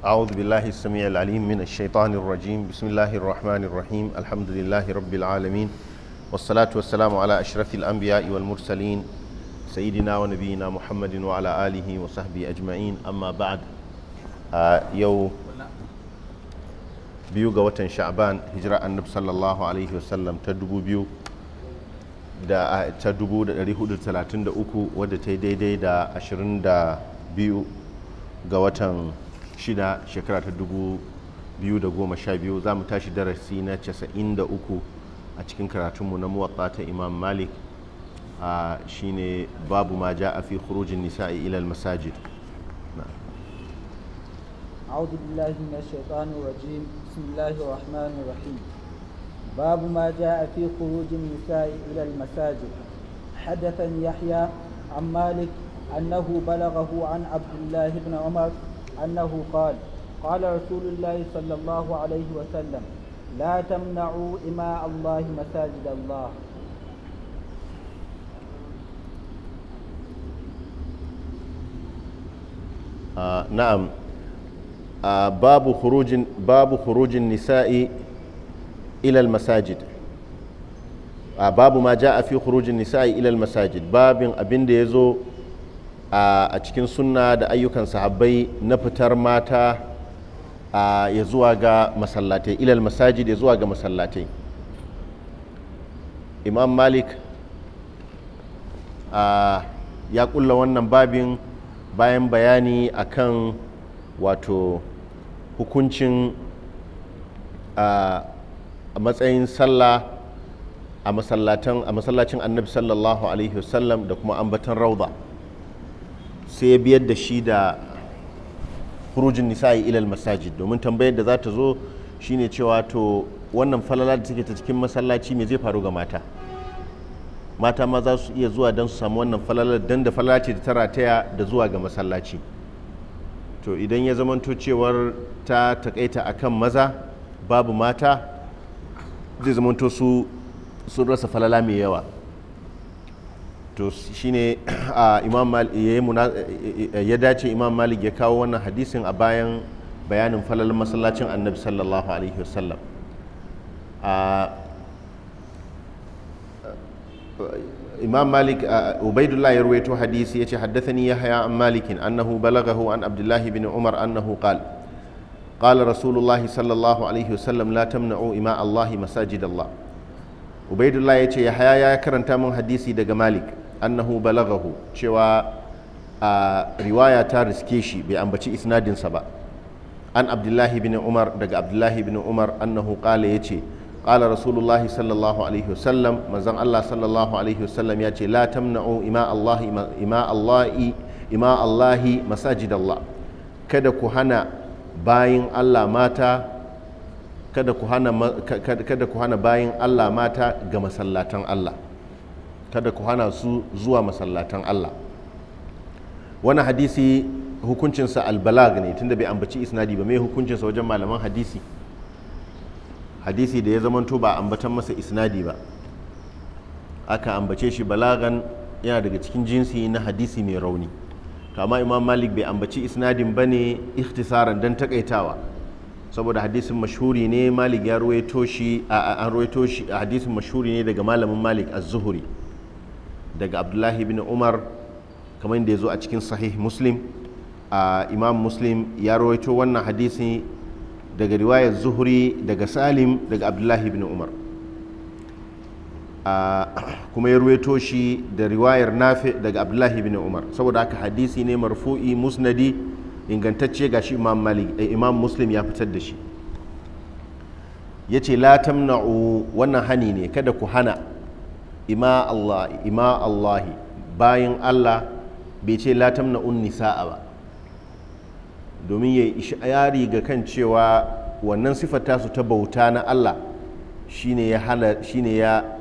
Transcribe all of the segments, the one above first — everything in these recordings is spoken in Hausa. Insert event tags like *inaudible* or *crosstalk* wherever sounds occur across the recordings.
أعوذ بالله السميع العليم من الشيطان الرجيم بسم الله الرحمن الرحيم الحمد لله رب العالمين والصلاة والسلام على أشرف الأنبياء والمرسلين سيدنا ونبينا محمد وعلى آله وصحبه أجمعين أما بعد آه يو biyu ga watan sha'ban hijira annab sallallahu alaihi wasallam ta dubu biyu da ta dubu da dari hudu talatin da uku wadda ta yi daidai da ashirin da biyu ga watan shida shekara ta dubu biyu da goma sha biyu za mu tashi darasi na casa'in da uku a cikin karatunmu na muwatta ta imam malik a shine babu ma ja a fi khurujin nisa'i ilal masajid أعوذ بالله من الشيطان الرجيم بسم الله الرحمن الرحيم باب ما جاء في خروج النساء إلى المساجد حدثا يحيى عن مالك أنه بلغه عن عبد الله بن عمر أنه قال قال رسول الله صلى الله عليه وسلم لا تمنعوا إماء الله مساجد الله آه نعم آه باب خروج باب خروج النساء إلى المساجد آه باب ما جاء في خروج النساء إلى المساجد باب أبن يزو a cikin sunna da ayyukan sahabbai na fitar mata ya zuwa ga masallatai ilal masajid ya zuwa ga masallatai imam malik ya kulla wannan babin bayan bayani akan wato hukuncin a matsayin sallah a masallacin annabi sallallahu alaihi wasallam da kuma ambatan rauda sai ya biyar da shi da hurujin nisa'i ilal masajid domin tambayar da za ta zo shine cewa to wannan falala da take ta cikin masallaci me zai faru ga mata mata ma za su iya zuwa don su samu wannan falala don da falala ce da ta rataya da zuwa ga masallaci to idan ya zamanto cewar ta takaita kan maza babu mata zai zamanto su sun rasa falala mai yawa to shine *clears throat* imam ya dace imam malik ya kawo wannan hadisin a bayan bayanin falalin masallacin annabi sallallahu alaihi wasallam imam malik ubaidullah ya ruwaito hadisi ya ce haddathani yahya an malikin annahu balagahu an abdullahi bin umar annahu qala قال رسول الله صلى الله عليه وسلم لا تمنعوا إماء الله مساجد الله عبيد الله يتي يحيى يا كرنتا حديثي دغ مالك annahu balagahu cewa a riwaya ta riske shi bai ambaci isnadinsa ba an abdullahi bin umar daga abdullahi bin umar annahu qala yace qala rasulullahi sallallahu alaihi wasallam manzon Allah sallallahu alaihi wasallam yace la tamna'u ima Allah ima Allah ima Allah masajid Allah kada ku hana bayin Allah mata kada ku hana kada ku hana bayin Allah mata ga masallatan Allah kada ku hana su zuwa masallatan Allah wani hadisi hukuncinsa albalag ne tunda bai ambaci isnadi ba mai hukuncinsa wajen malaman hadisi hadisi da ya zamanto ba ambatan masa isnadi ba aka ambace shi balagan yana daga cikin jinsi na hadisi mai rauni to amma imam malik bai ambaci isnadin ba ne ikhtisaran don takaitawa saboda hadisin mashhuri ne malik ya ruwaito shi a hadisin mashhuri ne daga malamin malik az-zuhri daga abdullahi bin umar kamar yadda ya zo a cikin sahih muslim imam muslim ya rawaito wannan hadisi daga riwayar zuhuri daga salim daga abdullahi bin umar kuma ya ruweto shi da riwayar nafi daga abdullahi bin umar saboda haka hadisi ne marfu'i musnadi ingantacce ga shi imam, eh, imam muslim ya fitar da shi ya ce la tamna'u wannan hani ne kada ku hana ima Allah ima Allahi bayan Allah bai ce latam na un sa'a ba domin ya ishari ga kan cewa wannan siffata su ta bauta na Allah shine ya hana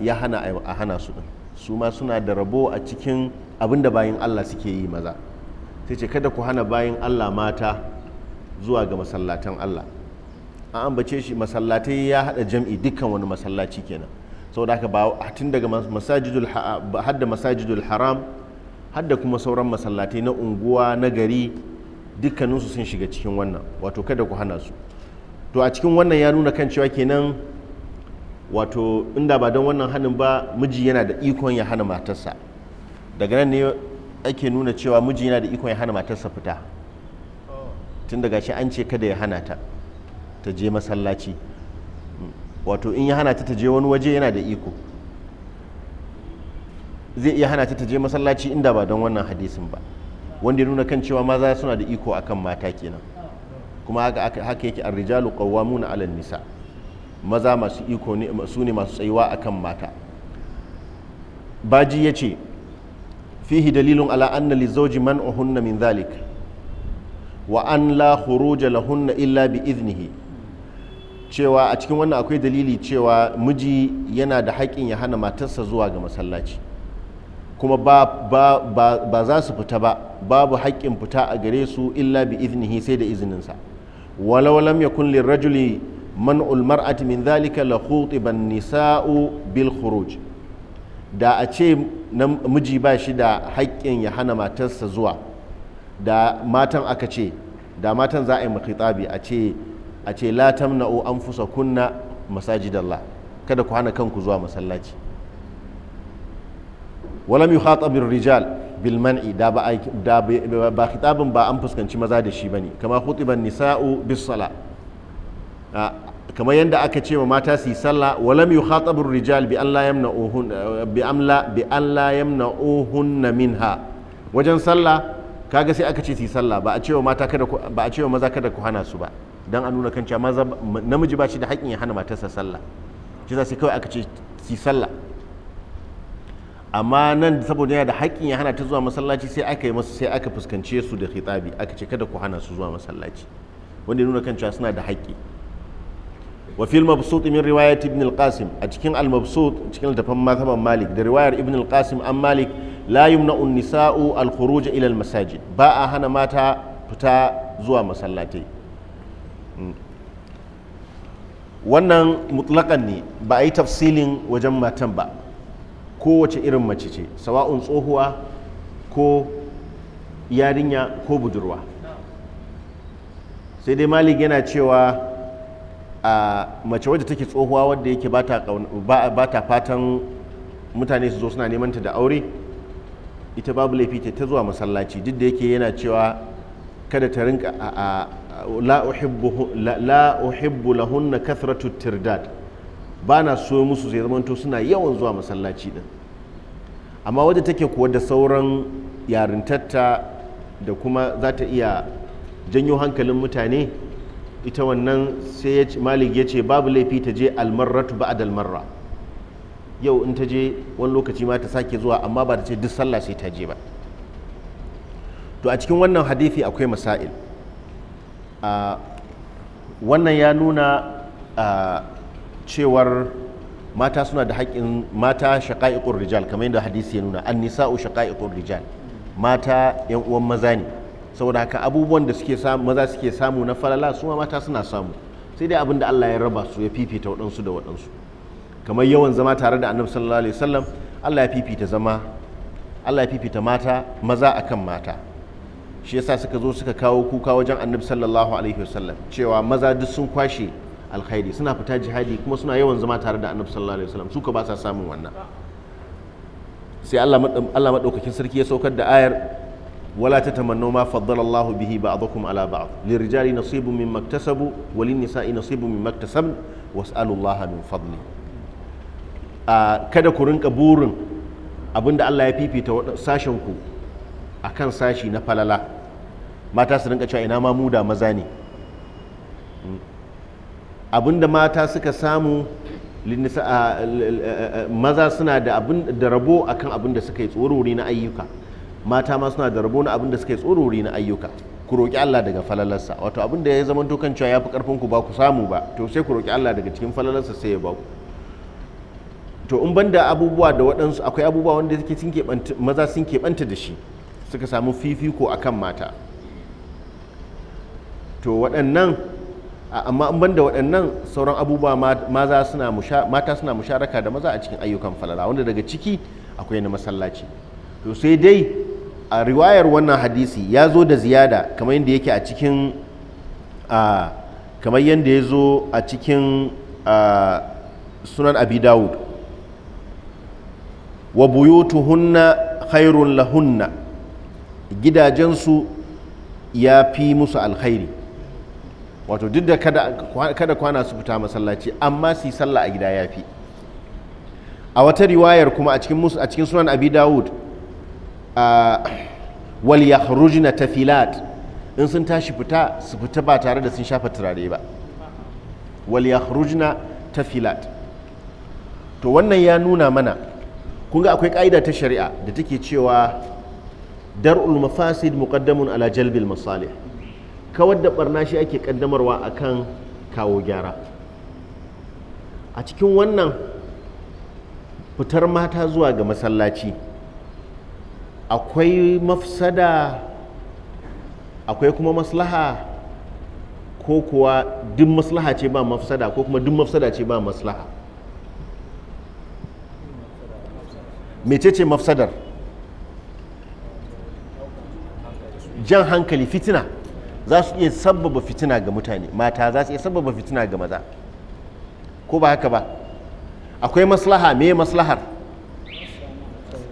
ya hana a hana su din su ma suna da rabo a cikin abin da bayan Allah suke yi maza sai ce kada ku hana bayan Allah mata zuwa ga masallatan Allah an ambace shi masallatai ya hada jam'i dukkan wani masallaci kenan saboda haka ba tun daga masajidul hadda masajidul haram hadda kuma sauran masallatai na unguwa na gari dukkaninsu sun shiga cikin wannan wato kada ku hana su to a cikin wannan ya nuna kan cewa kenan wato inda ba don wannan hannun ba miji yana da ikon ya hana matarsa daga nan ne ake nuna cewa miji yana da ikon ya hana matarsa fita tun daga shi an ce kada ya hana ta ta je masallaci wato in ya hana ta je wani waje yana da iko zai iya hana ta je masallaci inda ba don wannan hadisin ba wanda ya nuna kan cewa maza suna da iko akan mata kenan kuma haka yake arrijalu qawwamuna 'alan nisa maza masu iko su ne masu tsayuwa akan mata baji yace fihi dalilun ala anna lizawji man'uhunna min zalik wa an la khuruja lahunna illa bi idnihi cewa a cikin wannan akwai dalili cewa miji yana da haƙƙin ya hana matarsa zuwa ga masallaci kuma ba, za su fita ba babu haƙƙin fita a gare su illa bi iznihi sai da izininsa walau lam yakun lirrajuli man'ul mar'ati min zalika la khutiban nisa'u bil khuruj da a ce miji ba shi da haƙƙin ya hana matarsa zuwa da matan aka ce da matan za a yi a ce a ce la tamna'u anfusakunna masajidallah kada ku hana kanku zuwa masallaci walam yukhatab rijal bil man'i da ba kitabin ba an fuskanci maza da shi bane kama khutiban nisa'u bis sala kamar yadda aka ce wa mata su yi sallah walam yukhatab rijal bi an la yamna'uhun bi amla bi an la minha wajen sallah kaga sai aka ce su yi sallah ba a ce wa mata kada ba a ce wa maza kada ku hana su ba don a nuna kan amma namiji ba shi da haƙƙin ya hana matarsa sallah shi su kawai aka ce si sallah amma nan saboda yana da haƙƙin ya hana ta zuwa masallaci sai aka yi masu sai aka fuskance su da hitabi aka ce kada ku hana su zuwa masallaci wanda ya nuna kan cewa suna da haƙƙi wa fil mabsut min riwayat ibn al-qasim a cikin al-mabsut cikin littafin mazhaban malik da riwayar ibn al-qasim an malik la yumna'u an-nisa'u al-khuruj ila al-masajid ba a hana mata fita zuwa masallatai wannan mutlaƙan ne ba a yi tafsilin wajen matan ba kowace irin mace ce sawa'un tsohuwa ko yarinya ko budurwa sai dai malik yana cewa a mace wadda take tsohuwa wadda yake ba ta fatan mutane su zo suna neman ta da aure ita babu laifi ta zuwa masallaci duk da yake yana cewa kada ta rinka a la uhibbu la uhibbu kathratu tirdad bana so musu sai zamanto suna yawan zuwa masallaci din amma wadda take kuwa da sauran yarintatta da kuma za ta iya janyo hankalin mutane ita wannan sai malik ya ce babu laifi ta je almarratu ba'ad almarra yau in ta je wani lokaci ma ta sake zuwa amma ba ta ce duk sallah sai ta je ba to a cikin wannan hadithi akwai masail wannan ya nuna cewar mata suna da haƙƙin mata shaƙa'iƙun rijal kamar yadda hadisi ya nuna An-nisa'u shaƙa'iƙun rijal mata yan uwan maza ne saboda haka abubuwan da suke samu maza suke samu na falala su ma mata suna samu sai dai abin da Allah ya raba su ya fifita waɗansu da waɗansu kamar yawan zama tare da annabi sallallahu alaihi wasallam Allah ya fifita zama Allah ya fifita mata maza akan mata shi yasa suka zo suka kawo kuka wajen annabi sallallahu alaihi wasallam cewa maza duk sun kwashe alkhairi suna fita jihadi kuma suna yawan zama tare da annabi sallallahu alaihi wasallam su ka ba sa samun wannan sai Allah Allah madaukakin sarki ya saukar da ayar ولا تتمنوا ما فضل الله به بعضكم على بعض للرجال نصيب مما اكتسبوا وللنساء نصيب مما اكتسبن واسالوا الله من فضله kada ku rinka burin abinda Allah ya fifita sashenku akan sashi na falala mata su rinka cewa ina ma mu da maza ne abinda mata suka samu maza suna da rabo akan abin da suka yi tsorori na ayyuka mata ma suna da rabo na abin da suka yi tsorori na ayyuka ku roƙi Allah daga falalarsa wato abin da ya zama tokan cewa ya fi ƙarfin ku ba ku samu ba to sai ku roƙi Allah daga cikin falalarsa sai ya ba ku to in ban da abubuwa da waɗansu akwai abubuwa wanda suke maza sun keɓanta da shi suka samu fifiko akan mata to waɗannan amma in banda waɗannan sauran abubuwa mata suna musharaka da maza a cikin ayyukan falala wanda daga ciki akwai na masallaci to sai dai a riwayar wannan hadisi ya zo da ziyada kamar yadda yake a cikin kamar yadda ya zo a cikin sunan abi dawud wa buyutuhunna khairun lahunna gidajensu ya fi musu alkhairi wato duk da kada kwana su fita masallaci amma su yi sallah a gida ya fi a wata riwayar kuma a cikin sunan abi dawud wal yakhrujna tafilat in sun tashi fita su fita ba tare da sun shafa turare ba wal yakhrujna tafilat to wannan ya nuna mana kun ga akwai ka'ida ta shari'a da take cewa dar'ul mafasid muqaddamun ala jalbil masalih kawar da barna shi ake kaddamarwa akan kawo gyara a cikin wannan fitar mata zuwa ga masallaci akwai mafsada akwai kuma maslaha ko kuwa duk maslaha ce ba mafsada ko kuma duk mafsada ce ba maslaha ce mafsadar jan hankali fitina za su iya sabbaba fitina ga mutane mata za su iya sabbaba fitina ga maza ko ba haka ba akwai maslaha me maslahar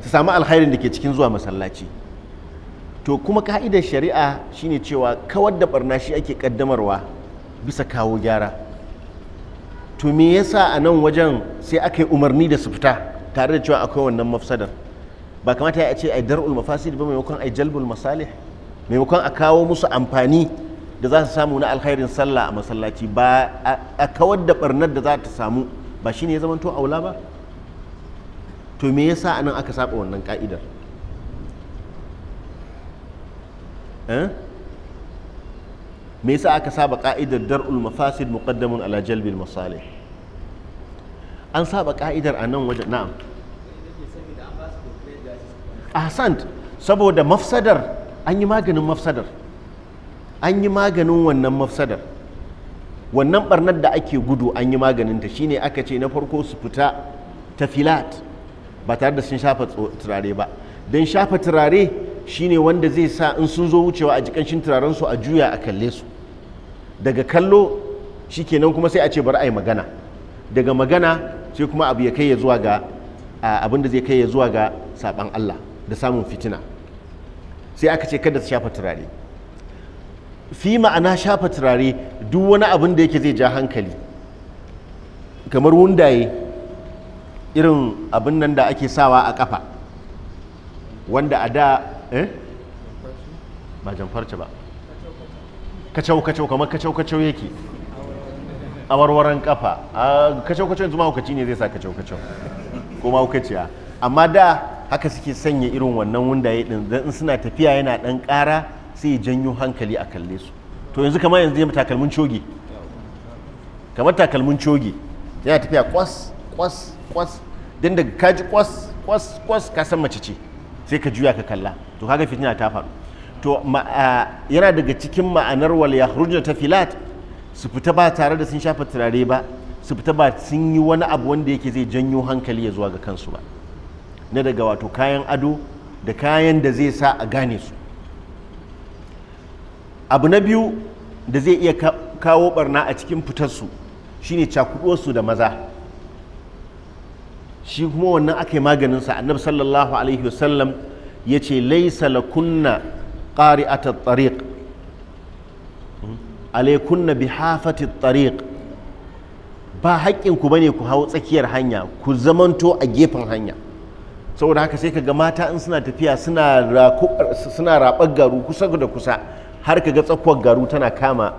su samu alkhairin da ke cikin zuwa masallaci to kuma ka'idar shari'a shine cewa kawar da barna shi ake kaddamarwa bisa kawo gyara to me yasa a nan wajen sai aka yi umarni da su fita tare da cewa akwai wannan mafsadar ba kamata ya ce ai dar'ul mafasid ba maimakon ai jalbul masalih maimakon a kawo musu amfani da za su samu na alkhairin sallah a masallaci ba a kawar da barnar da za ta samu ba shine ya zamanto aula ba to me yasa anan aka saba wannan ka'idar eh? me yasa aka saba ka'idar dar'ul mafasid muqaddamun ala jalbil masalih an saba ka'idar a nan wajen na'am ahsant saboda mafsadar an yi maganin mafsadar an yi maganin wannan mafsadar wannan barnar da ake gudu an yi maganin ta shine aka ce na farko su fita ta filat ba tare da sun shafa turare ba don shafa turare shine wanda zai sa in sun zo wucewa a jikanshin turaren su a juya a kalle su daga kallo shi kenan kuma sai a ce bari a yi magana daga magana sai kuma abu ya kai ya zuwa ga abin da zai kai ya zuwa ga saban Allah da samun fitina sai aka ce kada su shafa turare fi ma'ana shafa turare duk wani abin da yake zai ja hankali kamar wundaye irin abin nan da ake sawa a kafa wanda a da eh? ba jamfarci ba kacau-kacau kamar kacau-kacau yake a warwaran kafa ah, kacau-kacau yanzu mahaukaci ne zai sa kacau-kacau ko mahaukaciya amma da haka suke sanya irin wannan wundaye din dan in suna tafiya yana dan ƙara sai ya janyo hankali a kalle su to yanzu kamar yanzu yamma takalmin coge kamar takalmin coge yana tafiya kwas kwas kwas dan daga kaji kwas kwas kwas ka san mace ce sai ka juya ka kalla to kaga fitina ta faru to yana daga cikin ma'anar wal ta filat su fita ba tare da sun shafa turare ba su fita ba sun yi wani abu wanda yake zai janyo hankali ya zuwa ga kansu ba na daga wato kayan ado da kayan da zai sa a gane su abu na biyu da zai iya kawo barna a cikin fitarsu shine cakuɗuwarsu da maza shi kuma wannan aka yi maganinsa annabi sallallahu alaihi wasallam ya ce laisa la kunna ƙari a tariq hmm? alaikunna hafati tariq ba haƙƙinku bane ku hau tsakiyar hanya ku zamanto a gefen hanya saboda haka sai ga mata in suna tafiya suna raɓar garu kusa da kusa har ga tsakuwar garu tana kama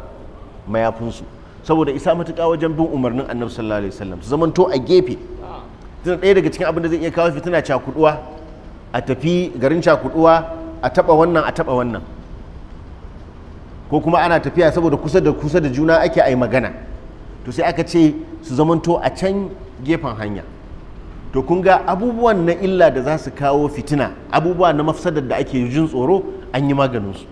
mayafinsu saboda isa matuƙa wajen bin umarnin annabi sallallahu alaihi wasallam su zamanto a gefe tana ɗaya daga cikin abin da zai iya kawo fitina cakuduwa a tafi garin cakuduwa a taɓa wannan a taɓa wannan ko kuma ana tafiya saboda kusa da kusa da juna ake yi magana to sai aka ce su zamanto a can gefen hanya to kun ga abubuwan na illa da za su kawo fitina abubuwa na mafsadar da ake jin tsoro an yi maganinsu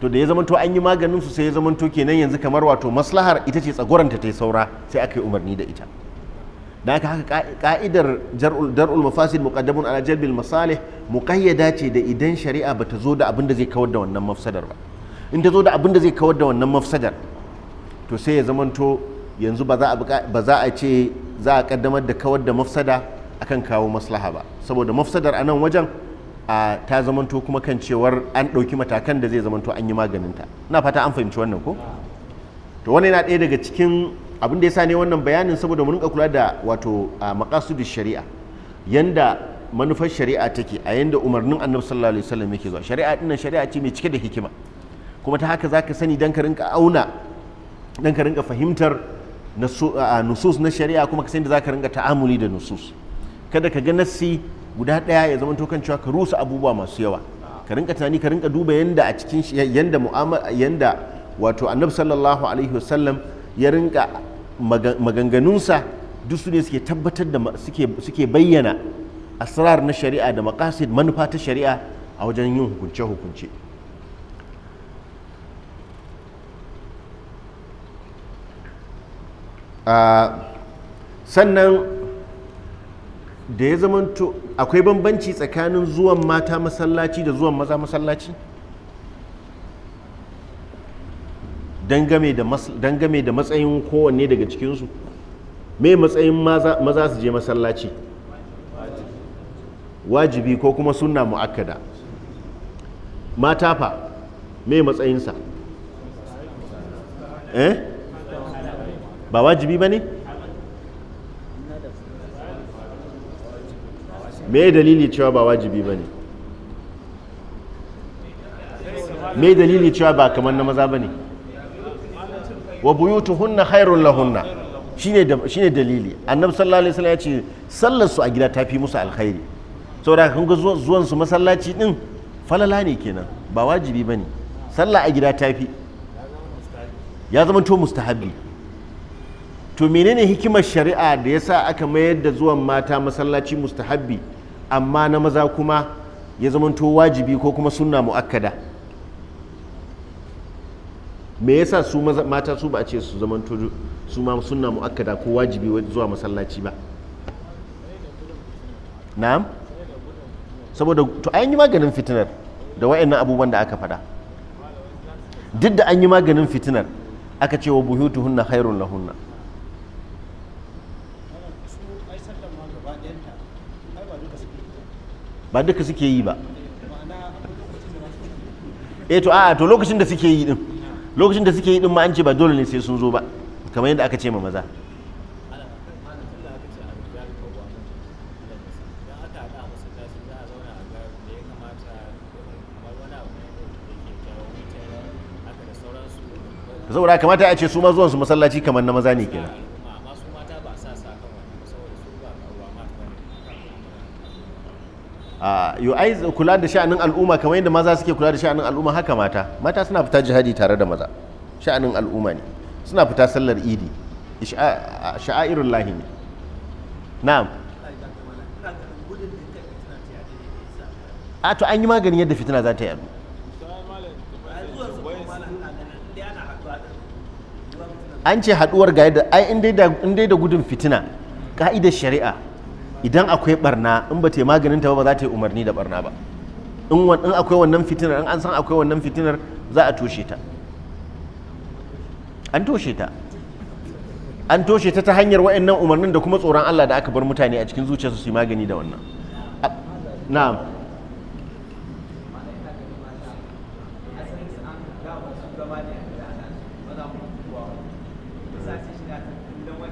to da ya zamanto an yi maganinsu sai ya zamanto kenan yanzu kamar wato maslahar ita ce tsagoranta ta yi saura sai aka yi umarni da ita da aka haka ka'idar jar'ul mafasid muqaddamun ala jalbil masalih muqayyada ce da idan shari'a bata zo da abin da zai kawar da wannan mafsadar ba in ta zo da abin da zai kawar da wannan mafsadar to sai ya zamanto yanzu ba za a ce za a kaddamar da kawar da mafsada akan kawo maslaha ba saboda mafsadar a nan wajen a ta zamanto kuma kan cewar an ɗauki matakan da zai zamanto an yi maganinta na fata an fahimci wannan ko to wani yana ɗaya daga cikin abin da ya sa ne wannan bayanin saboda mun kula da wato maqasudus shari'a yanda manufar shari'a take a yanda umarnin annabi sallallahu alaihi wasallam yake zuwa shari'a dinnan shari'a ce mai cike da hikima kuma ta haka zaka sani dan ka rinka auna dan ka rinka fahimtar nusus na shari'a kuma ka san da za ka ringa ta'amuli da nusus kada ka ga nassi guda ɗaya ya zama tokan cewa ka rusa abubuwa masu yawa ka ringa tunani ka rinka duba yanda a cikin yanda mu'amala yanda wato annabi sallallahu alaihi wasallam ya ringa maganganunsa duk su ne suke tabbatar da suke bayyana asrar na shari'a da maqasid manufa ta shari'a a wajen yin hukunce hukunce sannan da ya zamanto akwai bambanci tsakanin zuwan mata masallaci da zuwan maza masallaci dangame da matsayin kowanne daga cikinsu me matsayin maza su je masallaci wajibi ko kuma sunna mu'akkada mata fa me matsayinsa eh ba wajibi ba ne me dalili cewa ba wajibi ba ne me dalili cewa ba kamar na maza ba ne wa buyutu buyutuhunna khairun lahunna shine dalili annabi sallallahu alaihi wasallam ya ce sallar su a gida ta fi musu alkhairi saboda kun ga zuwan su masallaci din falala ne kenan ba wajibi bane sallah a gida ta fi ya zama to mustahabbi to menene hikimar shari'a da ya sa aka mayar da zuwan mata masallaci mustahabbi amma na maza kuma ya zamanto wajibi ko kuma sunna mu'akkada me yasa su mata su ba a ce su zamanto su ma sunna mu'akkada ko wajibi zuwa masallaci ba na'am saboda to an yi maganin fitinar da wa'annan abubuwan da aka faɗa duk da an yi maganin fitinar aka ce wa hunna khairun lahunna ba duka suke yi ba e to a to lokacin da suke yi din lokacin da suke yi din ma an ce ba dole ne sai sun zo ba kamar yadda aka ce ma maza saboda kamata a ce su ma zuwansu masallaci kamar na maza ne kenan Ah, ai kula da sha'anin al'umma kamar yadda maza suke kula da sha'anin al'umma haka mata mata suna fita jihadi tare da maza sha'anin al'umma ne suna fita sallar idi ah, sha'airun lahi ne na'am a ah, to an yi maganin yadda fitina za ta yadu an ce haduwar ga yadda ai inda dai da gudun fitina ka'idar shari'a idan akwai barna in ba ta maganin ta ba za ta yi umarni da barna ba in akwai wannan fitinar in an san akwai wannan fitinar za a toshe ta an toshe ta an toshe ta ta hanyar wa'annan umarnin da kuma tsoron Allah da aka bar mutane a cikin zuciyarsu su yi magani da wannan na'am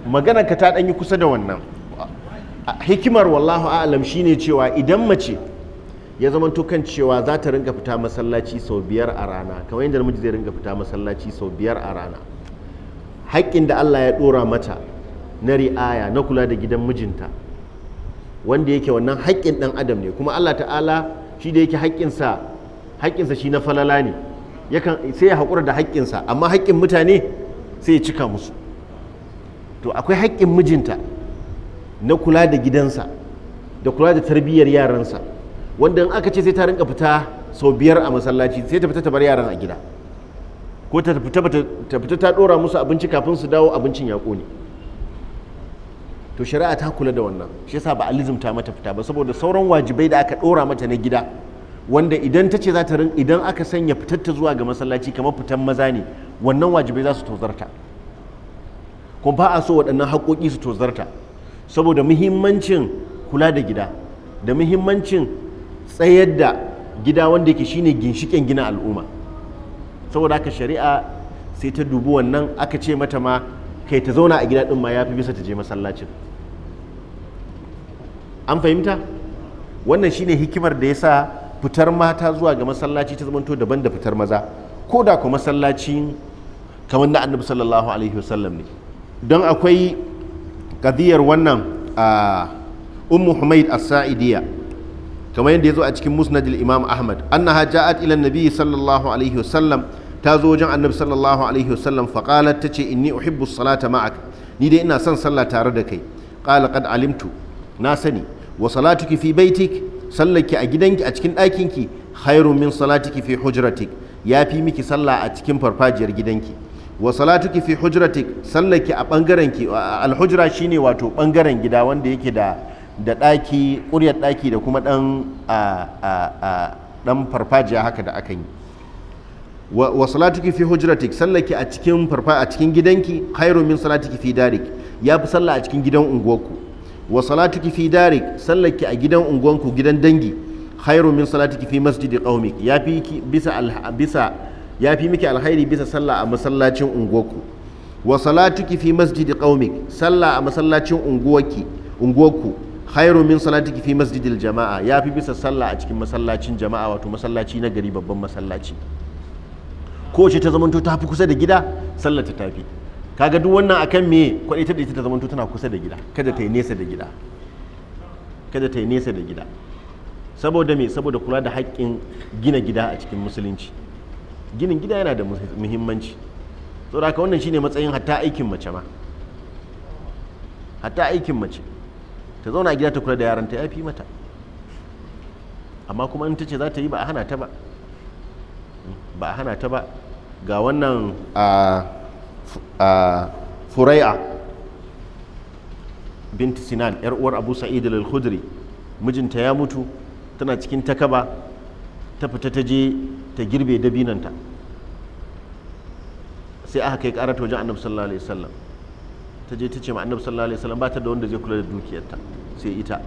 magana ka ta ɗanyi kusa da wannan hikimar wallahu a'lam shine cewa idan mace ya zamanto kan cewa za ta ringa fita masallaci sau biyar a rana kamar yadda namiji zai ringa fita masallaci sau biyar a rana haƙƙin da Allah ya ɗora mata na ri'aya na kula da gidan mijinta wanda yake wannan haƙƙin ɗan adam ne kuma Allah ta'ala shi da yake haƙƙinsa haƙƙinsa shi na falala ne yakan sai ya haƙura da haƙƙinsa amma haƙƙin mutane sai ya cika musu to akwai haƙƙin mijinta na kula da gidansa da kula da tarbiyyar yaransa wanda in aka ce sai ta rinka fita sau biyar a masallaci sai ta fita ta bar yaran a gida ko ta fita ta dora musu abinci kafin su dawo abincin ya kone to shari'a ta kula da wannan shi yasa ba a ta mata fita ba saboda sauran wajibai da aka dora mata na gida wanda idan ta ce za ta idan aka sanya fitar ta zuwa ga masallaci kamar fitan maza ne wannan wajibai za su tozarta kuma ba a so waɗannan haƙoƙi su tozarta saboda muhimmancin kula da gida da muhimmancin tsayar da gida wanda yake shine ginshiken gina al'umma saboda haka shari'a sai ta dubi wannan aka ce mata ma kai ta zauna a gida din ma ya fi bisa ta je masallacin an fahimta wannan shine hikimar da ya sa fitar mata zuwa ga masallaci ta zamanto daban da fitar maza ko da ku masallaci kamar na annabi sallallahu alaihi wasallam ne don akwai kadiyar wannan ummu humaid as-sa'idiyya kamar yadda ya zo a cikin musnadil imam ahmad annaha ja'at ila nabi sallallahu alaihi wasallam ta zo wajen annabi sallallahu alaihi wasallam faqalat tace inni uhibbu salata ma'ak ni dai ina son sallah tare da kai qala qad alimtu na sani wa salatuki fi baitik sallaki a gidanki a cikin ɗakinki khairun min salatiki fi hujratik ya fi miki sallah a cikin farfajiyar gidanki wa salatuki fi hujratik sallaki a bangaren ki alhujra shine wato bangaren gida wanda yake da da daki ƙuryar daki da kuma dan a dan farfajiya haka da akan yi wa salatuki fi hujratik sallaki a cikin farfa a cikin gidanki khairu min salatuki fi darik yafi sallah a cikin gidan unguwarku wa salatuki fi darik sallaki a gidan unguwanku gidan dangi khairu min salatuki fi masjidi qaumik yafi bisa bisa ya fi miki alhairi bisa sallah a masallacin unguwarku wa salatuki fi masjidi qaumik sallah a masallacin unguwarki unguwarku khairu min salatuki fi masjidil jama'a ya fi bisa sallah a cikin masallacin jama'a wato masallaci na gari babban masallaci ko ce ta zamanto ta fi kusa da gida sallar ta tafi kaga duk wannan akan me kwadai ta ita ta zamanto tana kusa da gida kada ta yi nesa da gida kada ta yi nesa da gida saboda me saboda kula da haƙƙin gina gida a cikin musulunci ginin gida yana da muhimmanci saboda haka wannan shine matsayin hatta aikin mace ma hatta aikin mace ta zauna gida ta kula da yaranta ya fi mata amma kuma in ta ce za ta yi ba a hana ta ba ba a hana ta ba ga wannan a furai'a bint sinan yar uwar abu sa'id al-khudri mijinta ya mutu tana cikin takaba ta fita ta je ta girbe dabinanta sai aka kai karata wajen annabi sallallahu alaihi wasallam ta je ta ce ma annabi sallallahu alaihi wasallam ba ta da wanda zai kula da dukiyarta sai ita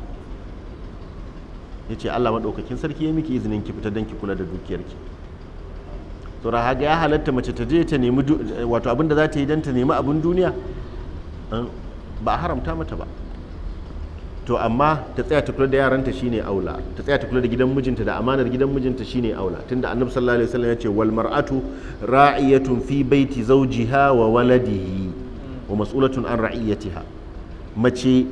ya ce Allah maɗaukakin sarki ya miki izinin ki fita don ki kula da dukiyarki to ra haga ya halatta mace ta je ta nemi wato abin da za ta yi don ta nemi abin duniya ba haramta mata ba to amma ta tsaya ta kula da yaranta shine aula ta tsaya ta kula da gidan mijinta da amanar gidan mijinta shine aula tunda annabi sallallahu alaihi wasallam ya ce wal mar'atu ra'iyatun fi baiti zawjiha wa waladihi wa mas'ulatun an ra'iyatiha mace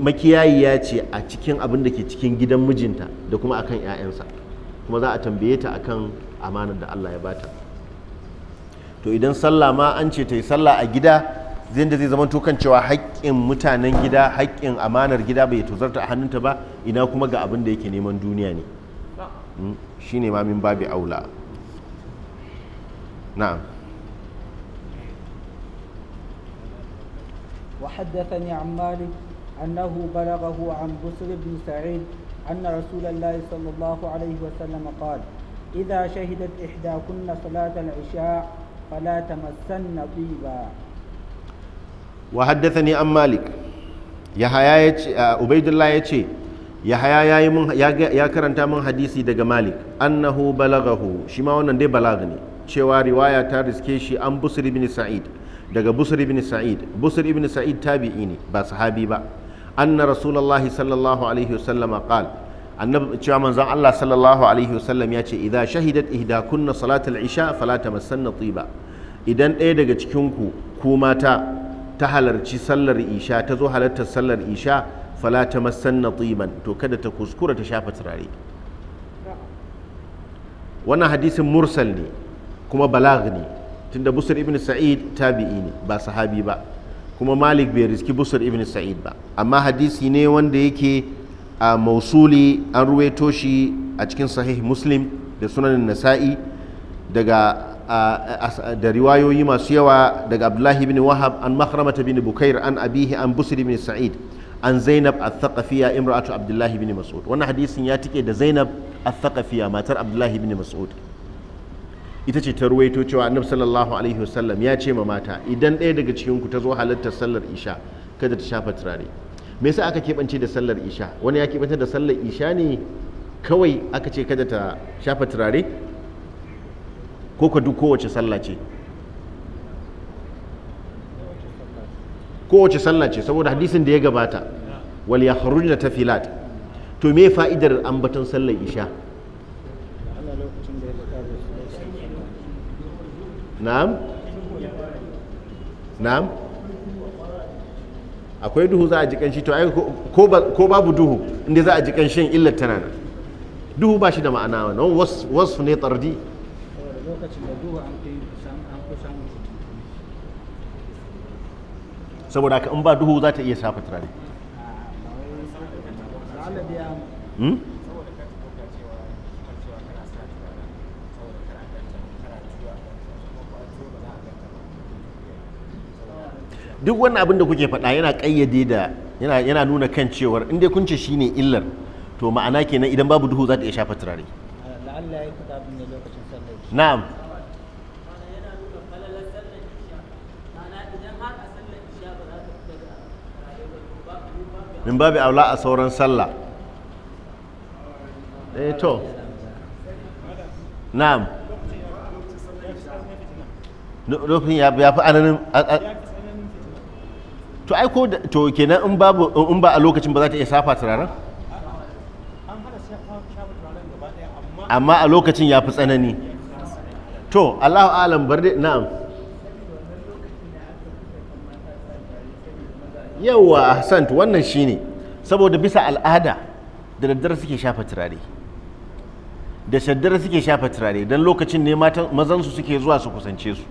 makiyayiya ce a cikin abin da ke cikin gidan mijinta da kuma akan 'ya'yansa kuma za a tambaye ta akan amanar da Allah ya bata to idan sallah ma an ce ta yi sallah a gida zai da zai zama kan cewa haƙƙin mutanen gida haƙƙin amanar gida bai tozarta a hannunta ba ina kuma ga abin da yake neman duniya ne hmm? shi ne mamin babi aula na'am وحدثني عن مالك أنه بلغه عن بسر بن سعيد أن رسول الله صلى الله عليه وسلم قال إذا شهدت إحداكن صلاة العشاء فلا تمسن طيبا wa haddathani an malik yahaya ya ce ubaidullah ya ce yahaya ya mun ya karanta mun hadisi daga malik annahu balagahu shi ma wannan dai balaga cewa riwaya ta riske shi an busri ibn sa'id daga busr ibn sa'id busr ibn sa'id tabi'i ne ba sahabi ba anna rasulullahi sallallahu alaihi wasallam qal annabi cewa manzon Allah sallallahu alaihi wasallam ya ce idza shahidat kunna salatul isha fala tamassanna tiba idan ɗaya daga cikin ku ku mata ta halarci sallar isha ta zo halartar sallar isha fala ta na tsiban to kada ta kuskura ta shafa turare wannan hadisin mursal ne kuma balag ne tunda busur ibn sa'id tabi'i ne ba sahabi ba kuma malik bai riski busur ibn sa'id ba amma hadisi ne wanda yake a mausuli an ruwaito shi a cikin sahih muslim da sunan nasa'i daga da riwayoyi masu yawa daga abdullahi bin wahab an makramata bin bukair an abihi an busri bin sa'id an zainab al-thaqafiya imra'atu abdullahi bin mas'ud wannan hadisin ya tike da zainab al matar abdullahi bin mas'ud ita ce ta ruwaito cewa annabi sallallahu alaihi wasallam ya ce ma mata idan ɗaya daga cikin ku ta zo halartar sallar isha kada ta shafa turare me yasa aka keɓance da sallar isha wani ya keɓance da sallar isha ne kawai aka ce kada ta shafa turare ko ka duk kowace sallah ce kowace sallah ce saboda hadisin da ya gabata wal ya na tafilat to me fa'idar ambaton sallar isha na'am na'am akwai duhu za a ji kanshi to ko babu duhu inda za a ji kanshin illar tana duhu ba shi da ma'ana wannan wasu ne tardi lokacin da saboda ka in ba duhu za ta iya shafa turare hmm? duk wani abin da kuke faɗa yana ƙayyade da yana nuna kan cewar inda kun ce shine illar to ma'ana kenan idan babu duhu za ta iya shafa turare na'am min babi aula a sauran sallah eh to na'am rufin ya fi ananin to aiko da to kenan in babu in ba a lokacin ba za ta iya safa turaren amma a lokacin ya fi tsanani to allahu alam bar dai na'am yawa ahsant wannan shine saboda bisa al'ada da daddare suke shafa turare da shaddare suke shafa turare don lokacin ne mazansu suke zuwa su kusance su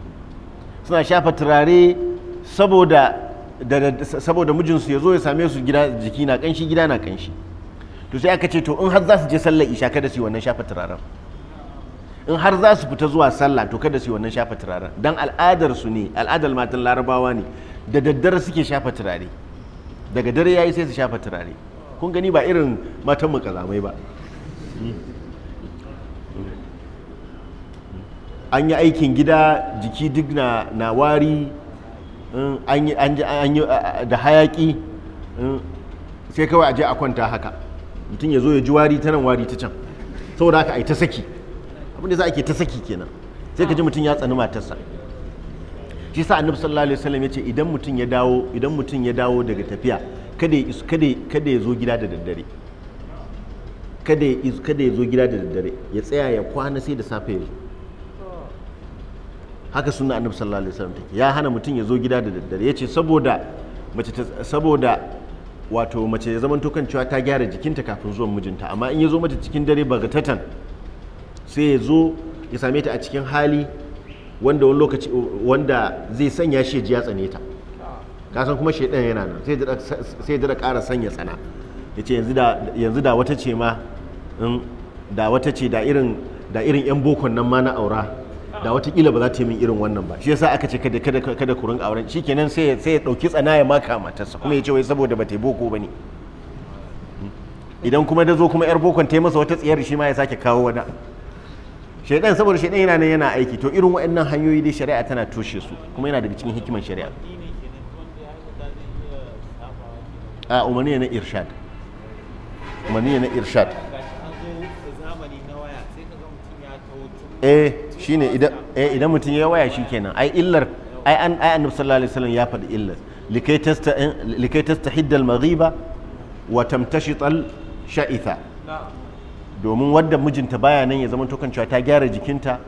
suna shafa turare saboda saboda mijinsu ya zo ya same su gida jiki na kanshi gida na kanshi to sai aka ce to in har za su je sallar isha kada su yi wannan shafa turaren in har za su fita zuwa sallah to kada su yi wannan shafa turaren dan al'adar su ne al'adar matan larabawa ne da daddare suke shafa turare daga dare yayi sai su shafa turare kun gani ba irin matan mu kazamai ba an yi aikin gida jiki duk na wari da hayaki sai kawai a je a kwanta haka mutum ya zo ya ji wari ta nan wari ta can saboda haka ai ta saki abinda za a ke ta saki kenan sai ka ji mutum ya tsani matarsa shi sa annabi sallallahu alaihi wasallam yace idan mutum ya dawo idan mutum ya dawo daga tafiya kada ya kada kada ya zo gida da daddare kada ya kada ya zo gida da daddare ya tsaya ya kwana sai da safe ya zo haka sunna annabi sallallahu alaihi wasallam take ya hana mutum ya zo gida da daddare yace saboda mace saboda wato mace ya zamanto kan cewa ta gyara jikinta kafin zuwan mijinta amma in ya zo mata cikin dare bagatatan sai ya zo ya same ta a cikin hali wanda wani lokaci wanda zai sanya shi ji ya tsane ta kasan kuma shaidan yana nan sai da ƙara sanya tsana ya ce yanzu da wata ce ma da wata ce da irin yan bokon nan ma na aura da kila ba za ta yi min irin wannan ba shi yasa aka ce kada kada kada kurin auren shi kenan sai ya dauki tsana ya maka matarsa kuma ya ce wai saboda ba ta boko ba ne idan kuma da zo kuma yar bokon ta yi masa wata tsiyar shi ma ya sake kawo wani shaidan saboda shaidan yana nan yana aiki to irin waɗannan hanyoyi dai shari'a tana toshe su kuma yana daga cikin hikiman shari'a a umarni na irshad umarni na irshad eh shine idan eh idan mutum ya waya shikenan ai illar ai an ai annabi sallallahu alaihi wasallam ya faɗi illar likai tasta eh, likai tastahidda al-maghiba wa tamtashita al-sha'itha domin wadda mijinta baya nan ya zama to cewa ta gyara jikinta